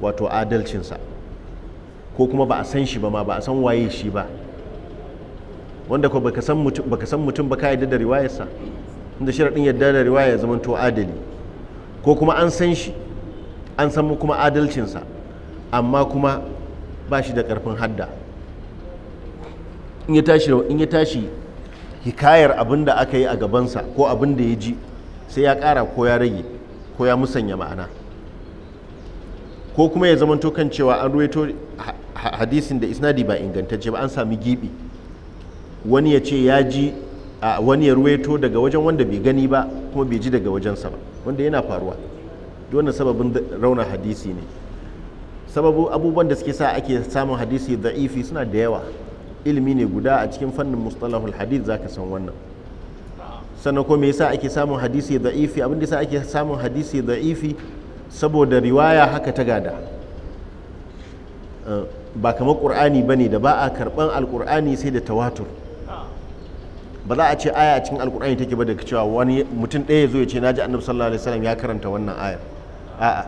wato adalcinsa ko kuma ba a san shi ba ma ba a san waye shi ba wanda ko baka san mutum san mutum ba ka yadda da riwayarsa inda sharadin yadda da riwaya ya zama to adali ko kuma an san shi an san kuma adalcinsa amma kuma ba shi da ƙarfin hadda in ya tashi in ya tashi hikayar abin da aka yi a gabansa ko abin da ya ji sai ya ƙara ko ya rage ko ya musanya ma'ana ko kuma ya zamanto kan cewa an ruwaito hadisin da isnadi ba ingantacce ba an sami gibi wani ya ce ya ji wani ya ruwaito daga wajen wanda bai gani ba kuma bai ji daga wajensa ba wanda yana faruwa wannan sababin rauna hadisi ne sababu abubuwan da suke sa ake samun hadisi da'ifi suna da yawa ilimi ne guda a cikin fannin mustalahul hadith ka san wannan sannan ko me yasa ake samun hadisi da'ifi abin da yasa ake samun hadisi da'ifi saboda riwaya haka ta gada eh, ba kamar ƙur'ani ba ne da ba a karɓan alƙur'ani sai da tawatur ba za a ce aya a cikin alƙur'ani take ba da cewa wani mutum ɗaya ya zo ya ce naji annabi sallallahu alaihi wasallam ya karanta wannan ayar a'a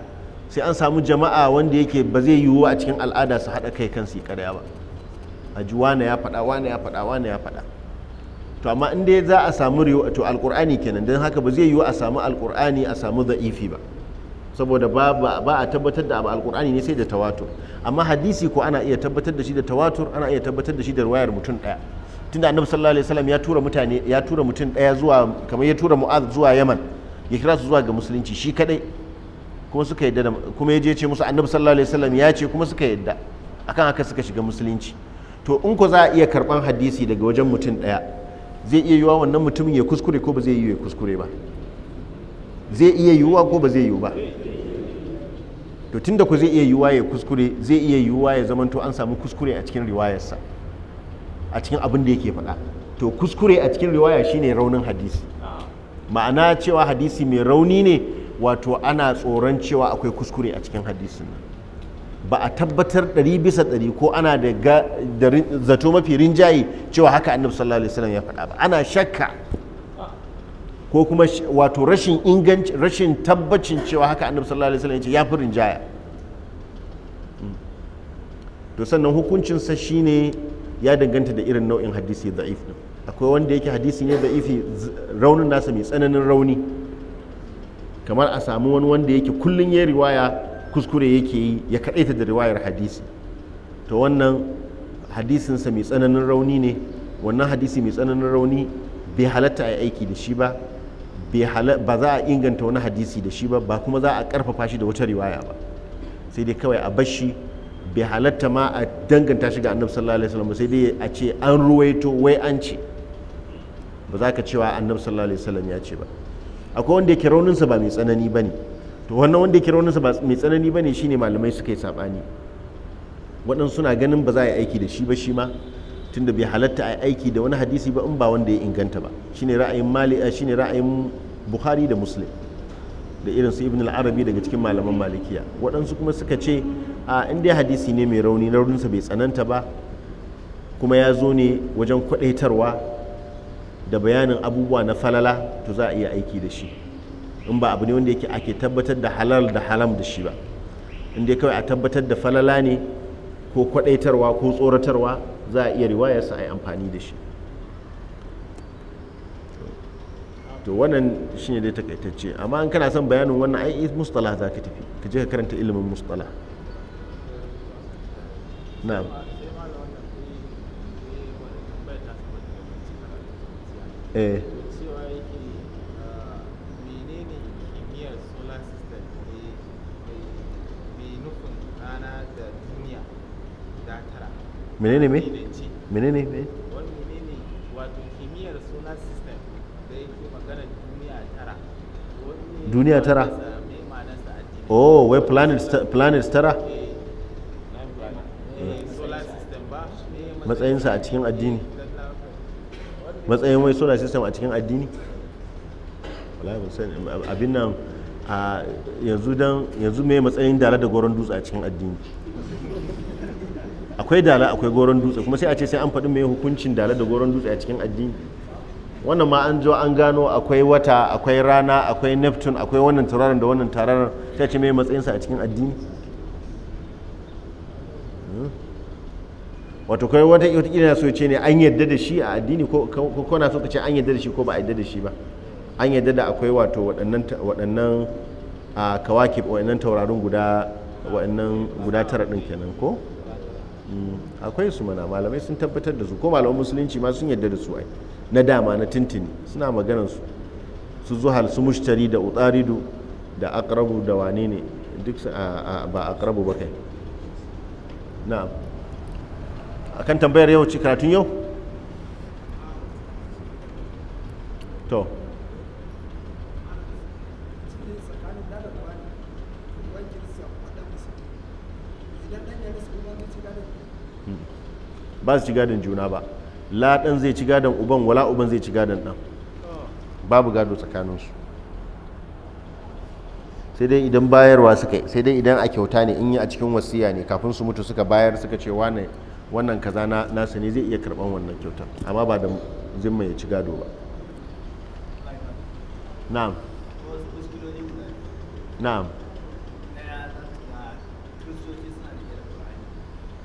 sai an samu jama'a wanda yake ba zai yiwu a cikin al'ada su haɗa kai kansu karya ba a ji wane ya faɗa wane ya faɗa wane ya faɗa to amma in dai za a samu to alƙur'ani kenan don haka ba zai yiwu a samu alƙur'ani a samu za'ifi ba saboda ba a tabbatar da abu alkur'ani ne sai da tawatur amma hadisi ko ana iya tabbatar da shi da tawatur ana iya tabbatar da shi da ruwayar mutum daya tunda annabi sallallahu alaihi wasallam ya tura mutane ya tura mutum daya zuwa kamar ya tura mu'az zuwa yaman ya kira su zuwa ga musulunci shi kadai kuma suka yadda kuma ya je ce musu annabi sallallahu alaihi wasallam ya ce kuma suka yadda akan haka suka shiga musulunci to in ko za a iya karban hadisi daga wajen mutum daya zai iya yiwa wannan mutumin ya kuskure ko ba zai yi ya kuskure ba zai iya yiwa ko ba zai yiwu ba to tun da ku zai iya yiwuwa ya kuskure zai iya yiwuwa ya to an samu kuskure a cikin riwayarsa a cikin abin da yake faɗa to kuskure a cikin riwaya shine raunin hadisi ma'ana cewa hadisi mai rauni ne wato ana tsoron cewa akwai kuskure a cikin hadisin ba a tabbatar ɗari bisa ɗari ko ana da zato mafi rinjaye cewa haka annabi sallallahu alaihi wasallam ya faɗa ba ana shakka ko kuma wato rashin inganci rashin tabbacin cewa haka annabi sallallahu alaihi wasallam ya ce ya fi rinjaya mm. to sannan hukuncinsa shine ya danganta da irin nau'in hadisi da'if din akwai wanda yake hadisi ne da'ifi raunin nasa mai tsananin rauni kamar a samu wani wanda yake kullun ya riwaya kuskure yake yi ya kaɗaita da riwayar hadisi to wannan hadisinsa mai tsananin rauni ne wannan hadisi mai tsananin rauni bai halatta a yi aiki da shi ba ba za a inganta wani hadisi da shi ba ba kuma za a karfafa shi da wata riwaya ba sai dai kawai a bashi bai halatta ma a danganta shi ga annabi sallallahu alaihi wasallam sai dai a ce an ruwaito wai an ce ba za ka cewa annabi sallallahu alaihi wasallam ya ce ba akwai wanda yake rauninsa ba mai tsanani ba ne to wannan wanda yake rauninsa ba mai tsanani ba ne shine malamai suka yi sabani waɗansu suna ganin ba za a yi aiki da shi ba shi ma tunda bai halatta a aiki da wani hadisi ba in ba wanda ya inganta ba shine ra'ayin mali eh, shine ra'ayin bukhari da muslim da irin su ibn al-arabi daga cikin malaman malikiya waɗansu kuma suka ce a dai hadisi ne mai rauni rauninsa bai tsananta ba kuma ya zo ne wajen kwaɗaitarwa da bayanin abubuwa na falala to za a iya aiki da shi in ba abu ne wanda yake ake tabbatar da halal da halam da shi ba in dai kawai a tabbatar da falala ne ko kwaɗaitarwa ko tsoratarwa za a iya ya a yi amfani da shi to wannan shi ne dai takaitacce amma in kana son bayanin wannan ai mustala za ka tafi ka je ka karanta ilimin mustala na'am eh menene me menene me menene wato kimiyyar solar system da yake magana duniya tara duniya tara oh wai planet planet tara eh, eh, matsayinsa a cikin addini matsayin wai solar system a cikin addini abin nan yanzu don yanzu mai matsayin dare da goron dutse a cikin addini akwai dala akwai goron dutse kuma sai a ce sai an faɗi mai hukuncin dala da goron dutse a cikin addini wannan ma an zo an gano akwai wata akwai rana akwai neptune akwai wannan tauraron da wannan tauraron sai ce mai matsayinsa a cikin addini hmm? wato kai wata na so ce ne an yadda da shi a addini ko kona na so ka ce an yadda da shi ko ba a yadda da shi ba an yadda da akwai wato waɗannan waɗannan a ah, kawakib waɗannan tauraron guda waɗannan guda tara ɗin kenan ko akwai su mana malamai sun tabbatar da su ko malaman musulunci ma sun yarda da su ai na dama na tintini suna maganar su su zuhal su mushtari da utaridu da akrabu da wane ne duk ba akrabu ba kai na akan tambayar yau ci karatun yau to ba su ci gadon juna ba la zai ci gadon uban wala uban zai ci gadon ɗan babu gado tsakaninsu sai dai idan bayarwa suka yi sai dai idan a kyauta ne in yi a cikin wasiya ne kafin su mutu suka bayar suka ce wane wannan kaza na nasa ne zai iya karban wannan kyauta amma ba da zimma ya ci gado ba na'am na'am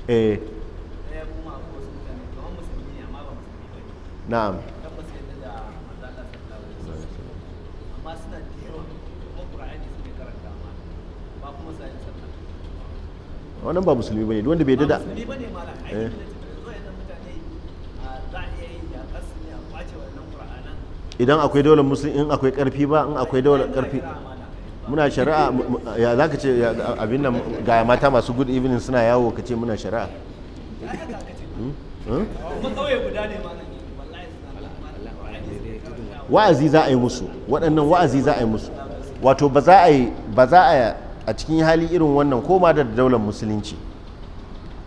eh na'am wannan ba musulmi bane wanda bai dada eh. ah, idan akwai dole musulmi in akwai karfi ba in akwai dole karfi muna shari'a ya za ka ce abin nan ga mata masu good evening suna yawo ka ce muna shari'a kawai hmm? hmm? guda ne wa'azi za a yi musu waɗannan wa'azi za a yi musu wato ba za a yi ba a cikin hali irin wannan koma da daular musulunci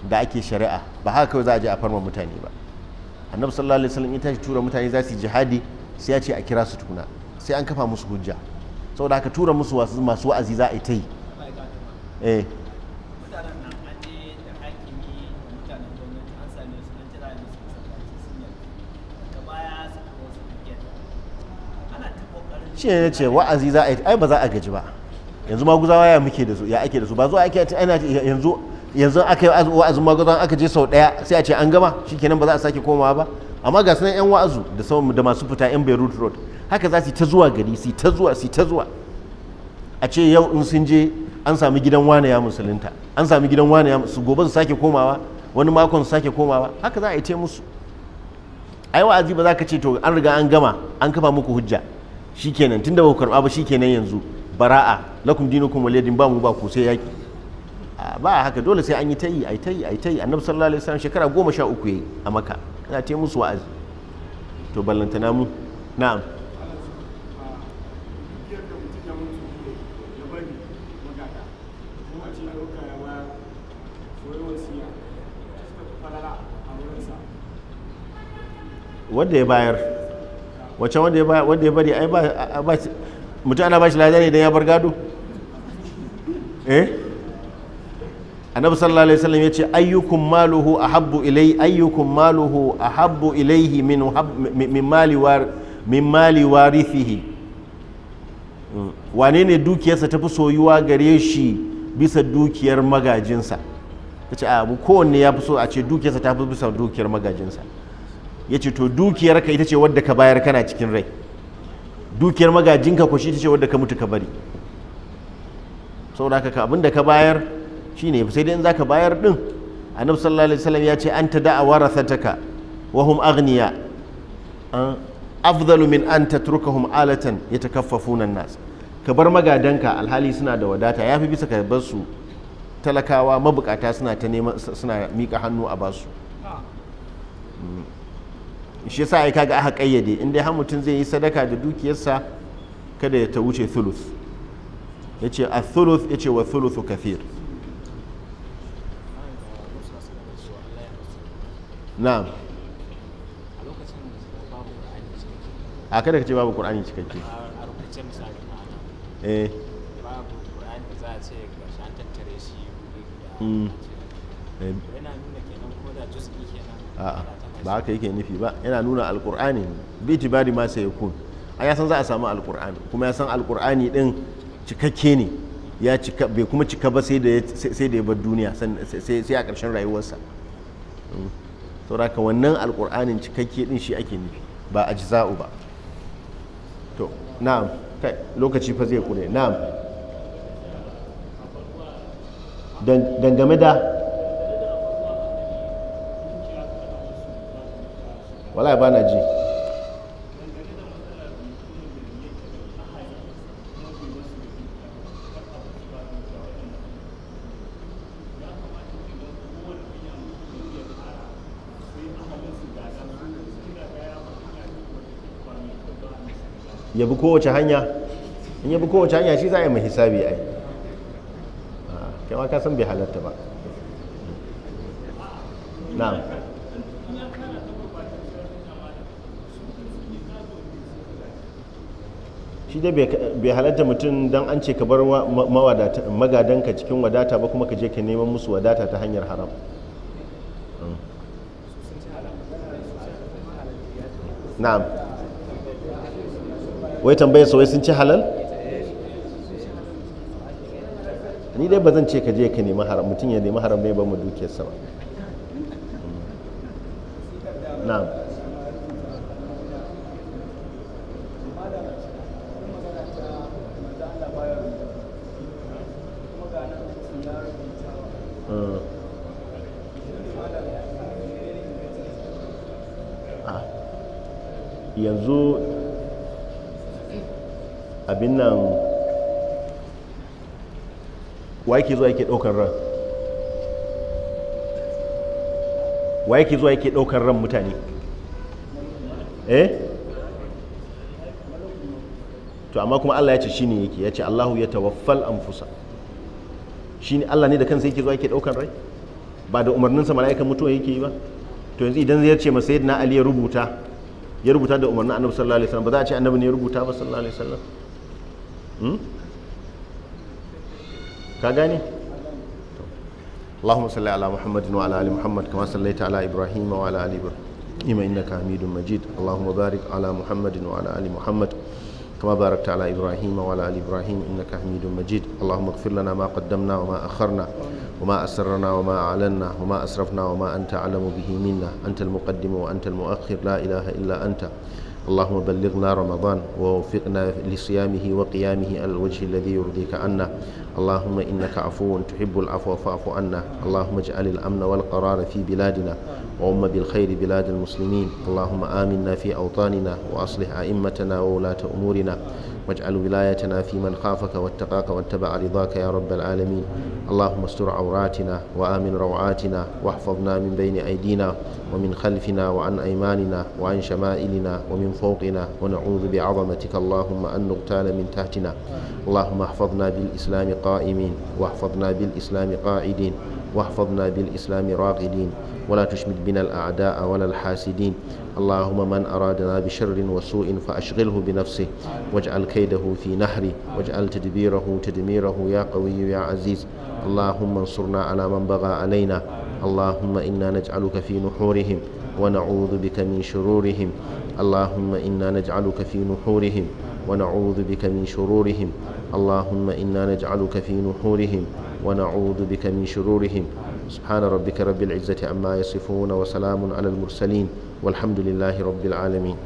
da ake shari'a ba haka kawai za a je a farma mutane ba annabi sallallahu alaihi wasallam ya tashi tura mutane za su yi jihadi sai ya ce a kira su tukuna sai an kafa musu hujja saboda haka tura musu masu wa'azi za a yi ta yi eh. shi ne ce wa'azi za a yi ai ba za a gaji ba yanzu maguzawa ya muke da su ya ake da su ba zuwa ake ana yanzu yanzu aka yi wa'azin maguzawa aka je sau daya sai a ce an gama shikenan ba za a sake komawa ba amma ga sunan yan wa'azu da sauran da masu fita yan Beirut Road haka za su ta zuwa gari su ta zuwa su ta zuwa a ce yau in sun je an sami gidan wane ya musulunta an sami gidan wane ya su gobe su sake komawa wani makon su sake komawa haka za a yi ta musu ai wa'azi ba za ka ce to an riga an gama an kafa muku hujja shikenan tunda ba ku karba ba shikenan yanzu bara'a lakum dinukum waliyadin ba mu ba ku sai yaki ba haka dole sai an yi tayi yi ai tayi yi ai tayi annabi sallallahu alaihi wasallam shekara goma sha uku yayi a maka yana ta musu wa'azi to ballantana mu na'am wanda ya bayar wacce wanda ya bari ai ba mutum ana ba shi lada ne idan ya bar gado eh annabi sallallahu alaihi wasallam yace ayyukum maluhu ahabbu ilai ayyukum maluhu ahabbu ilaihi min min mali war min mali warithihi hmm. wane ne dukiyarsa ta fi soyuwa gare shi bisa dukiyar magajinsa ce a kowanne ya fi so a ce dukiyarsa ta fi bisa dukiyar magajinsa ya ce to dukiyarka ita ce wadda ka bayar kana cikin rai dukiyar magajinka ko shi ita ce wadda ka mutu ka bari saboda haka abin da ka bayar shi ne sai dai in ka bayar din annabi sallallahu alaihi wasallam ya ce an ta da'a warathataka wa hum aghniya afdalu min an tatrukahum alatan yatakaffafuna an-nas ka bar magadanka alhali suna da wadata yafi bisa ka bar su talakawa mabukata suna ta neman suna mika hannu a basu ah. mm. shi yasa ai kaga aka kayyade in dai har mutum zai yi sadaka da dukiyarsa kada ya ta wuce thuluth yace athuluth yace wa thuluthu kathir na'am a kada ka ce babu qur'ani cikakke eh babu qur'ani za a ce ga an tattare shi yana nuna kenan ko da juz'i kenan a'a ba haka yake nufi ba yana nuna alkur'ani bi itibari ma sai yakun a ya san za a samu alkur'ani kuma ya san alkur'ani din cikakke ne ya cika bai kuma cika ba sai da ya bar duniya sai a karshen rayuwarsa mm. ka wannan alkur'anin cikakke din shi ake nufi ba a jiza'u ba to na'am kai lokaci fa zai kure na'am dangame da wala ba na ji Ya bi kowace hanya in ya bi kowace hanya shi za a yi mai hisabi ai ah, kama ka san bai halatta ba na'am shi dai bai halatta mutum don an ce ka bar magadanka cikin wadata ba kuma ka je ka neman musu wadata ta hanyar haram na'am wai tambayar wai sun ci halal ni dai ba zan ce ka je ka nemi haram mutum ya nemi haram ne ba mu dukiyarsa sama na'am yanzu abin nan wa yake zuwa yake daukar ran wa yake zuwa yake ɗaukar ran mutane eh to amma kuma Allah ya ce shine yake ya ce Allahu ya tawaffal anfusa shine Allah ne da kansa yake zuwa yake ɗaukar rai ba da umarninsa mala'ikan mutuwa yake yi ba to yanzu idan zai ce masa Ali ya rubuta ya rubuta da umarnin annabi sallallahu alaihi wasallam ba za a ce annabi ne ya rubuta ba sallallahu alaihi wasallam hmm? ka gane Allahumma salli ala Muhammadin wa ala ali Muhammad kama sallaita ala Ibrahim wa ala ali Ibrahim ka Hamidum Majid Allahumma barik ala Muhammadin wa ala ali Muhammad كما باركت على إبراهيم وعلى آل إبراهيم إنك حميد مجيد اللهم اغفر لنا ما قدمنا وما أخرنا وما أسررنا وما أعلنا وما أسرفنا وما أنت أعلم به منا أنت المقدم وأنت المؤخر لا إله إلا أنت اللهم بلغنا رمضان ووفقنا لصيامه وقيامه على الوجه الذي يرضيك عنا اللهم إنك عفو تحب العفو فاعف عنا اللهم اجعل الأمن والقرار في بلادنا وأم بالخير بلاد المسلمين اللهم آمنا في أوطاننا وأصلح أئمتنا وولاة أمورنا واجعل ولايتنا في من خافك واتقاك واتبع رضاك يا رب العالمين اللهم استر عوراتنا وآمن روعاتنا واحفظنا من بين أيدينا ومن خلفنا وعن أيماننا وعن شمائلنا ومن فوقنا ونعوذ بعظمتك اللهم أن نغتال من تحتنا اللهم احفظنا بالإسلام قائمين واحفظنا بالإسلام قاعدين واحفظنا بالإسلام راغدين ولا تشمت بنا الأعداء ولا الحاسدين اللهم من أرادنا بشر وسوء فأشغله بنفسه واجعل كيده في نحره واجعل تدبيره تدميره يا قوي يا عزيز اللهم انصرنا على من بغى علينا اللهم إنا نجعلك في نحورهم ونعوذ بك من شرورهم اللهم إنا نجعلك في نحورهم ونعوذ بك من شرورهم اللهم إنا نجعلك في نحورهم ونعوذ بك من شرورهم سبحان ربك رب العزة عما يصفون وسلام على المرسلين والحمد لله رب العالمين